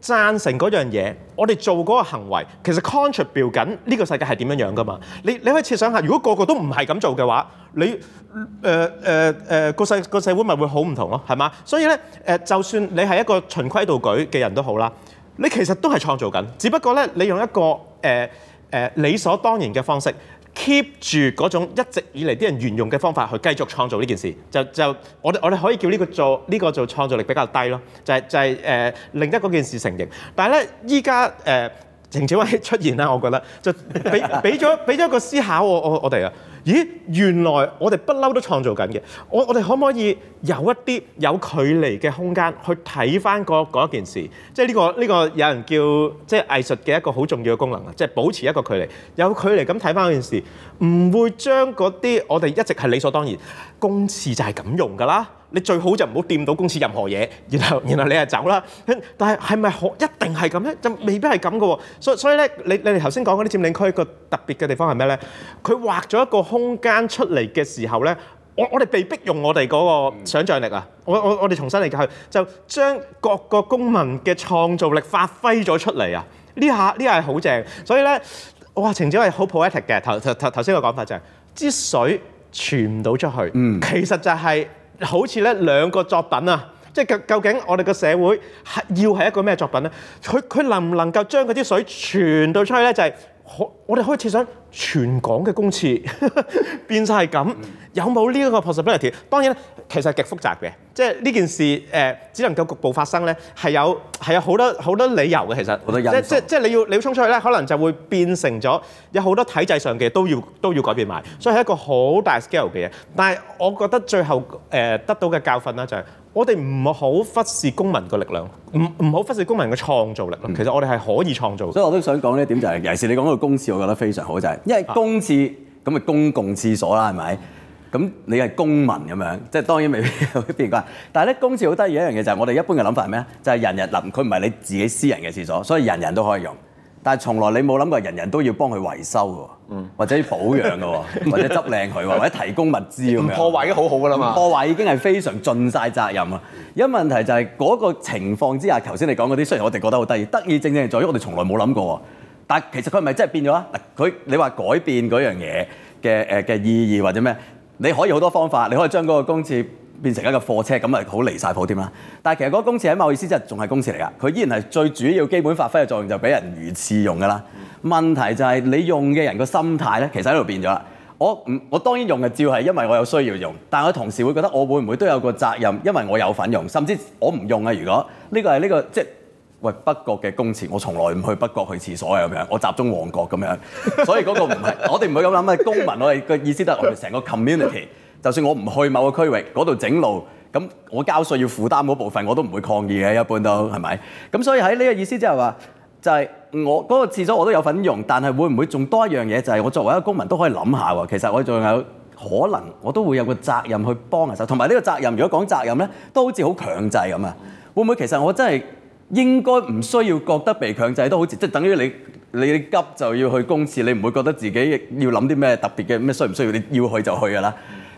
Speaker 4: 贊成嗰樣嘢，我哋做嗰個行為，其實 contribute 緊呢個世界係點樣樣㗎嘛？你你可以設想下，如果個個都唔係咁做嘅話，你誒誒誒個世個社會咪會好唔同咯、啊，係嘛？所以咧誒、呃，就算你係一個循規蹈矩嘅人都好啦，你其實都係創造緊，只不過咧，你用一個誒誒、呃呃、理所當然嘅方式。keep 住嗰種一直以嚟啲人沿用嘅方法去繼續創造呢件事，就就我我哋可以叫呢個做呢個做創造力比較低咯，就係就係誒令得嗰件事成型，但係咧依家誒程展緯出現啦，我覺得就俾俾咗俾咗一個思考我我我哋啊。咦，原來我哋不嬲都創造緊嘅。我我哋可唔可以有一啲有距離嘅空間去睇翻嗰件事？即係呢個呢個有人叫即係藝術嘅一個好重要嘅功能啊，即係保持一個距離，有距離咁睇翻件事，唔會將嗰啲我哋一直係理所當然公廁就係咁用㗎啦。你最好就唔好掂到公司任何嘢，然後然後你就走啦。但係係咪好一定係咁咧？就未必係咁嘅，所所以咧，你你哋頭先講嗰啲佔領區個特別嘅地方係咩咧？佢劃咗一個空間出嚟嘅時候咧，我我哋被逼用我哋嗰個想象力啊！我我我哋重新嚟講佢，就將各個公民嘅創造力發揮咗出嚟啊！呢下呢下係好正，所以咧，哇！程展緯好 poetic 嘅，頭頭頭頭先個講法就係支水傳唔到出去，其實就係。好似呢兩個作品啊，即係究竟我哋嘅社會係要係一個咩作品呢？佢能唔能夠將嗰啲水傳到出去呢？就係、係。我我哋可以設想全港嘅公廁變曬係咁，有冇呢一個 possibility？當然其實極複雜嘅，即係呢件事誒只能夠局部發生咧，係有係有好多好多理由嘅。其實好多因素，即即即你要你衝出去咧，可能就會變成咗有好多體制上嘅都要都要改變埋，所以係一個好大 scale 嘅嘢。但係我覺得最後誒得到嘅教訓啦就係。我哋唔好忽視公民個力量，唔唔好忽視公民嘅創造力咯。其實我哋係可以創造。
Speaker 2: 嗯、所以我都想講呢一點就係、是，尤其是你講到公廁，我覺得非常好，就係、是、因為公廁咁咪公共廁所啦，係咪？咁你係公民咁樣，即係當然未必有啲，但係咧，公廁好得意一樣嘢就係、是，我哋一般嘅諗法係咩？就係、是、人人，嗱佢唔係你自己私人嘅廁所，所以人人都可以用。但係從來你冇諗過，人人都要幫佢維修嘅，嗯、或者保養嘅， 或者執靚佢，或者提供物資咁樣。唔破壞已經好好㗎啦嘛！破壞已經係非常盡晒責任啊！有、嗯、問題就係、是、嗰、那個情況之下，頭先你講嗰啲，雖然我哋覺得好得意，得意正正係在於我哋從來冇諗過。但係其實佢係咪真係變咗啊？嗱，佢你話改變嗰樣嘢嘅誒嘅意義或者咩？你可以好多方法，你可以將嗰個公廁。變成一個貨車咁咪好離晒譜添啦！但係其實嗰個公廁喺某意思，即係仲係公廁嚟㗎，佢依然係最主要基本發揮嘅作用，就俾人如廁用㗎啦。問題就係、係、你用嘅人個心態咧，其實喺度變咗啦。我唔，我當然用嘅，照係因為我有需要用，但係我同時會覺得我會唔會都有個責任，因為我有份用，甚至我唔用啊！如果呢個係呢、呢個即係喂，北角嘅公廁，我從來唔去北角去廁所嘅咁樣，我集中旺角咁樣，所以嗰個唔係 我哋唔會咁諗嘅公民，我哋嘅意思就係我哋成個 community。就算我唔去某個區域嗰度整路，咁我交稅要負擔嗰部分，我都唔會抗議嘅。一般都係咪咁？所以喺呢個意思即係話，就係我嗰個廁所我都有份用，但係會唔會仲多一樣嘢？就係我作為一個公民都可以諗下喎。其實我仲有可能我都會有個責任去幫手，同埋呢個責任。如果講責任呢，都好似好強制咁啊。會唔會其實我真係應該唔需要覺得被強制，都好似即係等於你你急就要去公廁，你唔會覺得自己要諗啲咩特別嘅咩？需唔需要你要去就去㗎啦。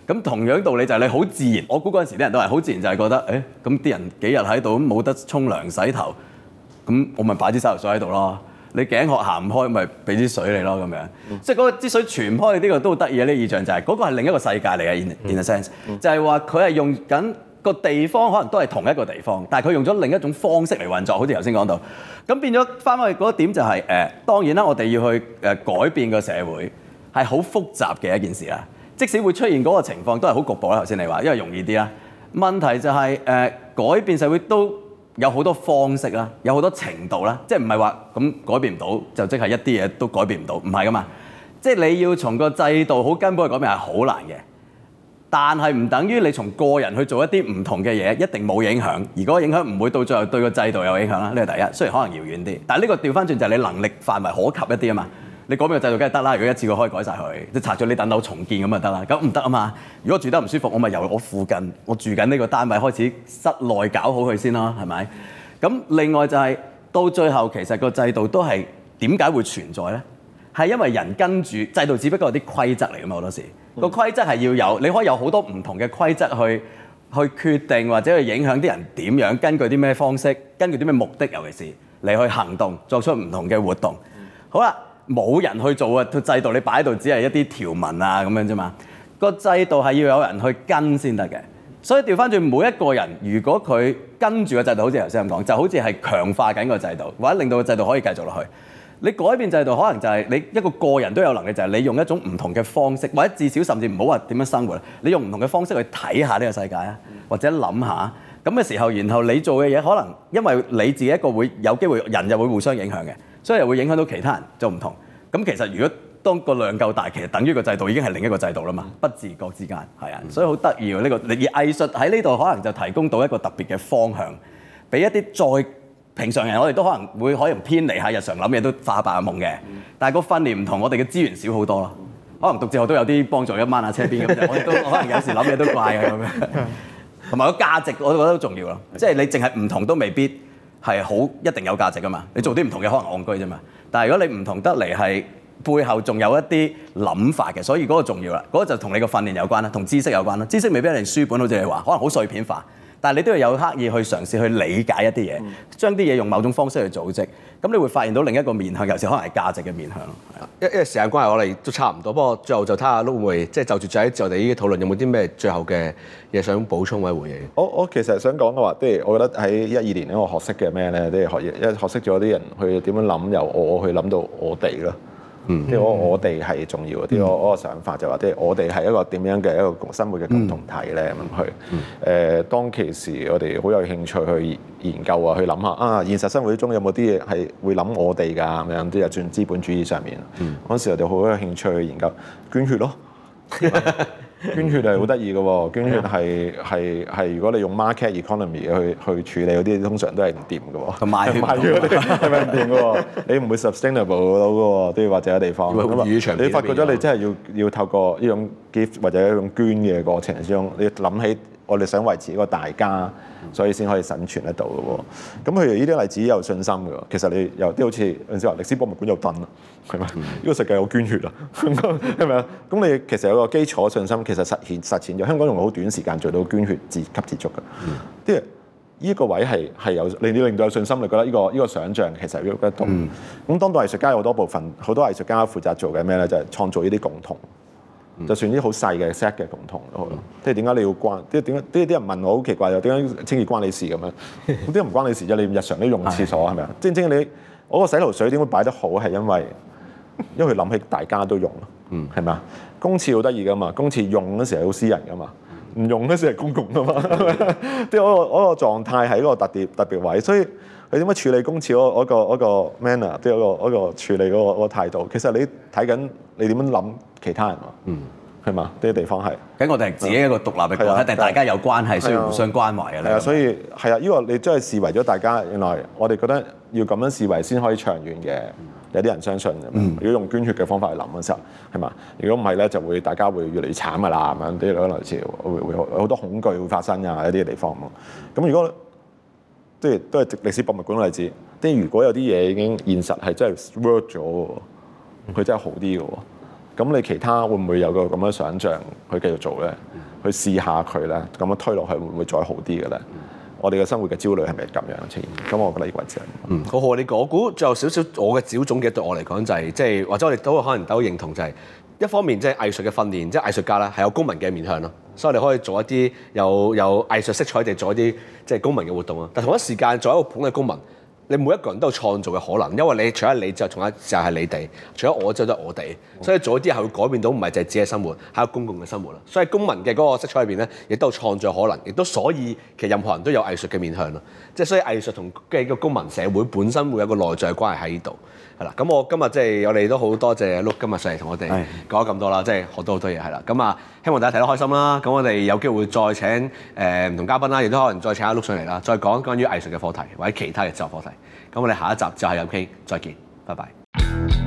Speaker 2: 咁同樣道理就係你好自然，我估嗰陣時啲人都係好自然，就係覺得，誒、欸，咁啲人幾日喺度，冇得沖涼洗頭，咁我咪擺支洗頭水喺度咯。你頸渴行唔開，咪俾支水你咯，咁樣。即係嗰支水傳開呢個都好得意啊！啲、呢個、意象就係、是、嗰、那個係另一個世界嚟嘅 in,，in a sense，、嗯、就係話佢係用緊、那個地方，可能都係同一個地方，但係佢用咗另一種方式嚟運作，好似頭先講到。咁變咗翻去嗰點就係、是，誒、呃，當然啦，我哋要去誒改變個社會係好複雜嘅一件事啦。即使會出現嗰個情況，都係好局部啦。頭先你話，因為容易啲啦。問題就係、是、誒、呃、改變社會都有好多方式啦，有好多程度啦。即係唔係話咁改變唔到，就即係一啲嘢都改變唔到，唔係噶嘛。即係你要從個制度好根本去改變係好難嘅，但係唔等於你從個人去做一啲唔同嘅嘢一定冇影響。如果影響唔會到最後對個制度有影響啦，呢個第一。雖然可能遙遠啲，但係呢個掉返轉就係你能力範圍可及一啲啊嘛。你改邊個制度，梗係得啦。如果一次過可以改晒佢，即係拆咗呢等樓重建咁啊得啦。咁唔得啊嘛。如果住得唔舒服，我咪由我附近，我住緊呢個單位開始室內搞好佢先啦。係咪？咁另外就係、是、到最後，其實個制度都係點解會存在呢？係因為人跟住制度，只不過係啲規則嚟噶嘛。好多時個規則係要有，你可以有好多唔同嘅規則去去決定或者去影響啲人點樣，根據啲咩方式，根據啲咩目的，尤其是你去行動，作出唔同嘅活動。好啦。冇人去做啊！個制度你擺喺度，只係一啲條文啊咁樣啫嘛。個制度係要有人去跟先得嘅，所以調翻轉，每一個人如果佢跟住個制度，好似頭先咁講，就好似係強化緊個制度，或者令到個制度可以繼續落去。你改變制度，可能就係你一個個人都有能力，就係你用一種唔同嘅方式，或者至少甚至唔好話點樣生活，你用唔同嘅方式去睇下呢個世界啊，或者諗下咁嘅時候，然後你做嘅嘢，可能因為你自己一個會有機會，人就會互相影響嘅。所以又會影響到其他人，就唔同。咁其實如果當個量夠大，其實等於個制度已經係另一個制度啦嘛。不自覺之間，係啊，嗯、所以好得意喎呢個。而藝術喺呢度可能就提供到一個特別嘅方向，俾一啲再平常人，我哋都可能會可能偏離下日常諗嘢都大膽嘅夢嘅。嗯、但係個訓練唔同，我哋嘅資源少好多咯。可能讀哲學都有啲幫助一晚啊，車邊咁我哋都可能 有時諗嘢都怪嘅咁樣。同埋個價值，我都覺得好重要咯。即係你淨係唔同都未必。係好一定有價值噶嘛？你做啲唔同嘅可能戇居啫嘛。但係如果你唔同得嚟，係背後仲有一啲諗法嘅，所以嗰個重要啦。嗰個就同你個訓練有關啦，同知識有關啦。知識未必係書本，好似你話，可能好碎片化，但係你都要有刻意去嘗試去理解一啲嘢，嗯、將啲嘢用某種方式去組織，咁你會發現到另一個面向，尤其可能係價值嘅面向。因因為時間關係，我哋都差唔多。不過最後就睇下 Luke 會
Speaker 3: 唔會即係就住、是、仔就我哋依啲討論，有冇啲咩最後嘅嘢想補充嘅回應？我我其實想講嘅話，即係我覺得喺一二年咧，我學識嘅咩咧，即係學嘢，因為學一學識咗啲人去點樣諗，由我去諗到我哋咯。嗯，即係、mm hmm. 我我哋係重要嗰啲，我我個想法就話啲我哋係一個點樣嘅一個生活嘅共同體咧，咁去。誒、mm hmm. 呃，當其時我哋好有興趣去研究啊，去諗下啊，現實生活中有冇啲嘢係會諗我哋㗎，咁樣啲就轉資本主義上面。嗰、mm hmm. 時我哋好有興趣去研究捐血咯。 捐血係好得意嘅喎，捐血係係係如果你用 market economy 去去處理嗰啲，通常都係唔掂嘅喎。同埋賣血，賣血係咪唔掂嘅，你唔會 sustainable 到嘅都要或者有地方咁，你發覺咗你真係要要透過呢種 gift 或者一種捐嘅過程之中，你要諗起我哋想維持一個大家。所以先可以生存得到咯喎，咁佢哋呢啲例子有信心嘅，其實你有啲好似有時話歷史博物館有燈啊，係咪？呢、嗯、個世界有捐血啊，係咪啊？咁 你其實有個基礎信心，其實實現實踐咗，香港用好短時間做到捐血自給自足嘅。啲、嗯，依個位係係有令你令到有信心，你覺得呢、這個依、這個想像其實喐得到。咁、嗯、當代藝術家有好多部分，好多藝術家負責做嘅咩咧，就係、是、創造呢啲共同。就算啲好細嘅 set 嘅共同咯，即係點解你要關？即係點解？啲啲人問我好奇怪又點解清潔關你事咁樣？咁啲唔關你事啫，你日常都用廁所係咪啊？正正，你我個洗頭水點會擺得好，係因為因為佢諗起大家都用咯，嗯係咪啊？hmm. 公廁好得意㗎嘛，公廁用嗰時係好私人㗎嘛，唔用嗰時係公共㗎嘛，即係嗰個嗰個狀態係一個特別特別位，所以。你點樣處理公廁嗰、那個嗰、那個嗰、那個 manner，都有個嗰個處理嗰、那個嗰、那個、態度。其實你睇緊你點樣諗其他人嘛？嗯，係嘛？呢
Speaker 2: 啲地方係。咁我哋自己一個獨立嘅國家，但係、啊、大家有關係，啊、所以互相關懷嘅咧。係啊，吧所以
Speaker 3: 係啊，呢、這個你真係視為咗大家。原來我哋覺得要咁樣視為先可以長遠嘅。有啲人相信，嗯、如果用捐血嘅方法去諗嘅時候，係嘛？如果唔係咧，就會大家會越嚟越慘噶啦。咁樣啲類似會會好多恐懼會發生啊，一啲地方咁。如果即係都係歷史博物館例子。即係如果有啲嘢已經現實係真係 work 咗，佢真係好啲嘅。咁你其他會唔會有個咁樣想像去繼續做咧？去試下佢咧，咁樣推落去會唔會再好啲嘅咧？我哋嘅生活嘅焦慮係咪咁樣先？咁我覺得呢個位置係真。嗯，好好你講、這個。我估最後少少，
Speaker 1: 我嘅小總結對我嚟講就係、是，即、就、係、是、或者我哋都可能都認同、就是，就係一方面即係藝術嘅訓練，即、就、係、是、藝術家咧係有公民嘅面向咯。所以你可以做一啲有有藝術色彩定做一啲即係公民嘅活動啊，但同一時間做一個普通嘅公民。你每一個人都有創造嘅可能，因為你除咗你之外，仲有就係你哋，除咗我之外，都係我哋。所以，早啲人係會改變到，唔係淨係自己嘅生活，喺個公共嘅生活啦。所以，公民嘅嗰個色彩裏邊咧，亦都有創造可能，亦都所以，其實任何人都有藝術嘅面向啦。即係所以，藝術同嘅個公民社會本身會有一個內在關係喺度。係啦，咁我今日即係我哋都好多謝阿碌今日上嚟同我哋講咗咁多啦，即係學到好多嘢係啦。咁啊，希望大家睇得開心啦。咁我哋有機會再請誒唔、呃、同嘉賓啦，亦都可能再請阿碌上嚟啦，再講關於藝術嘅課題或者其他嘅哲學課題。咁我哋下一集就係 OK，再見，拜拜。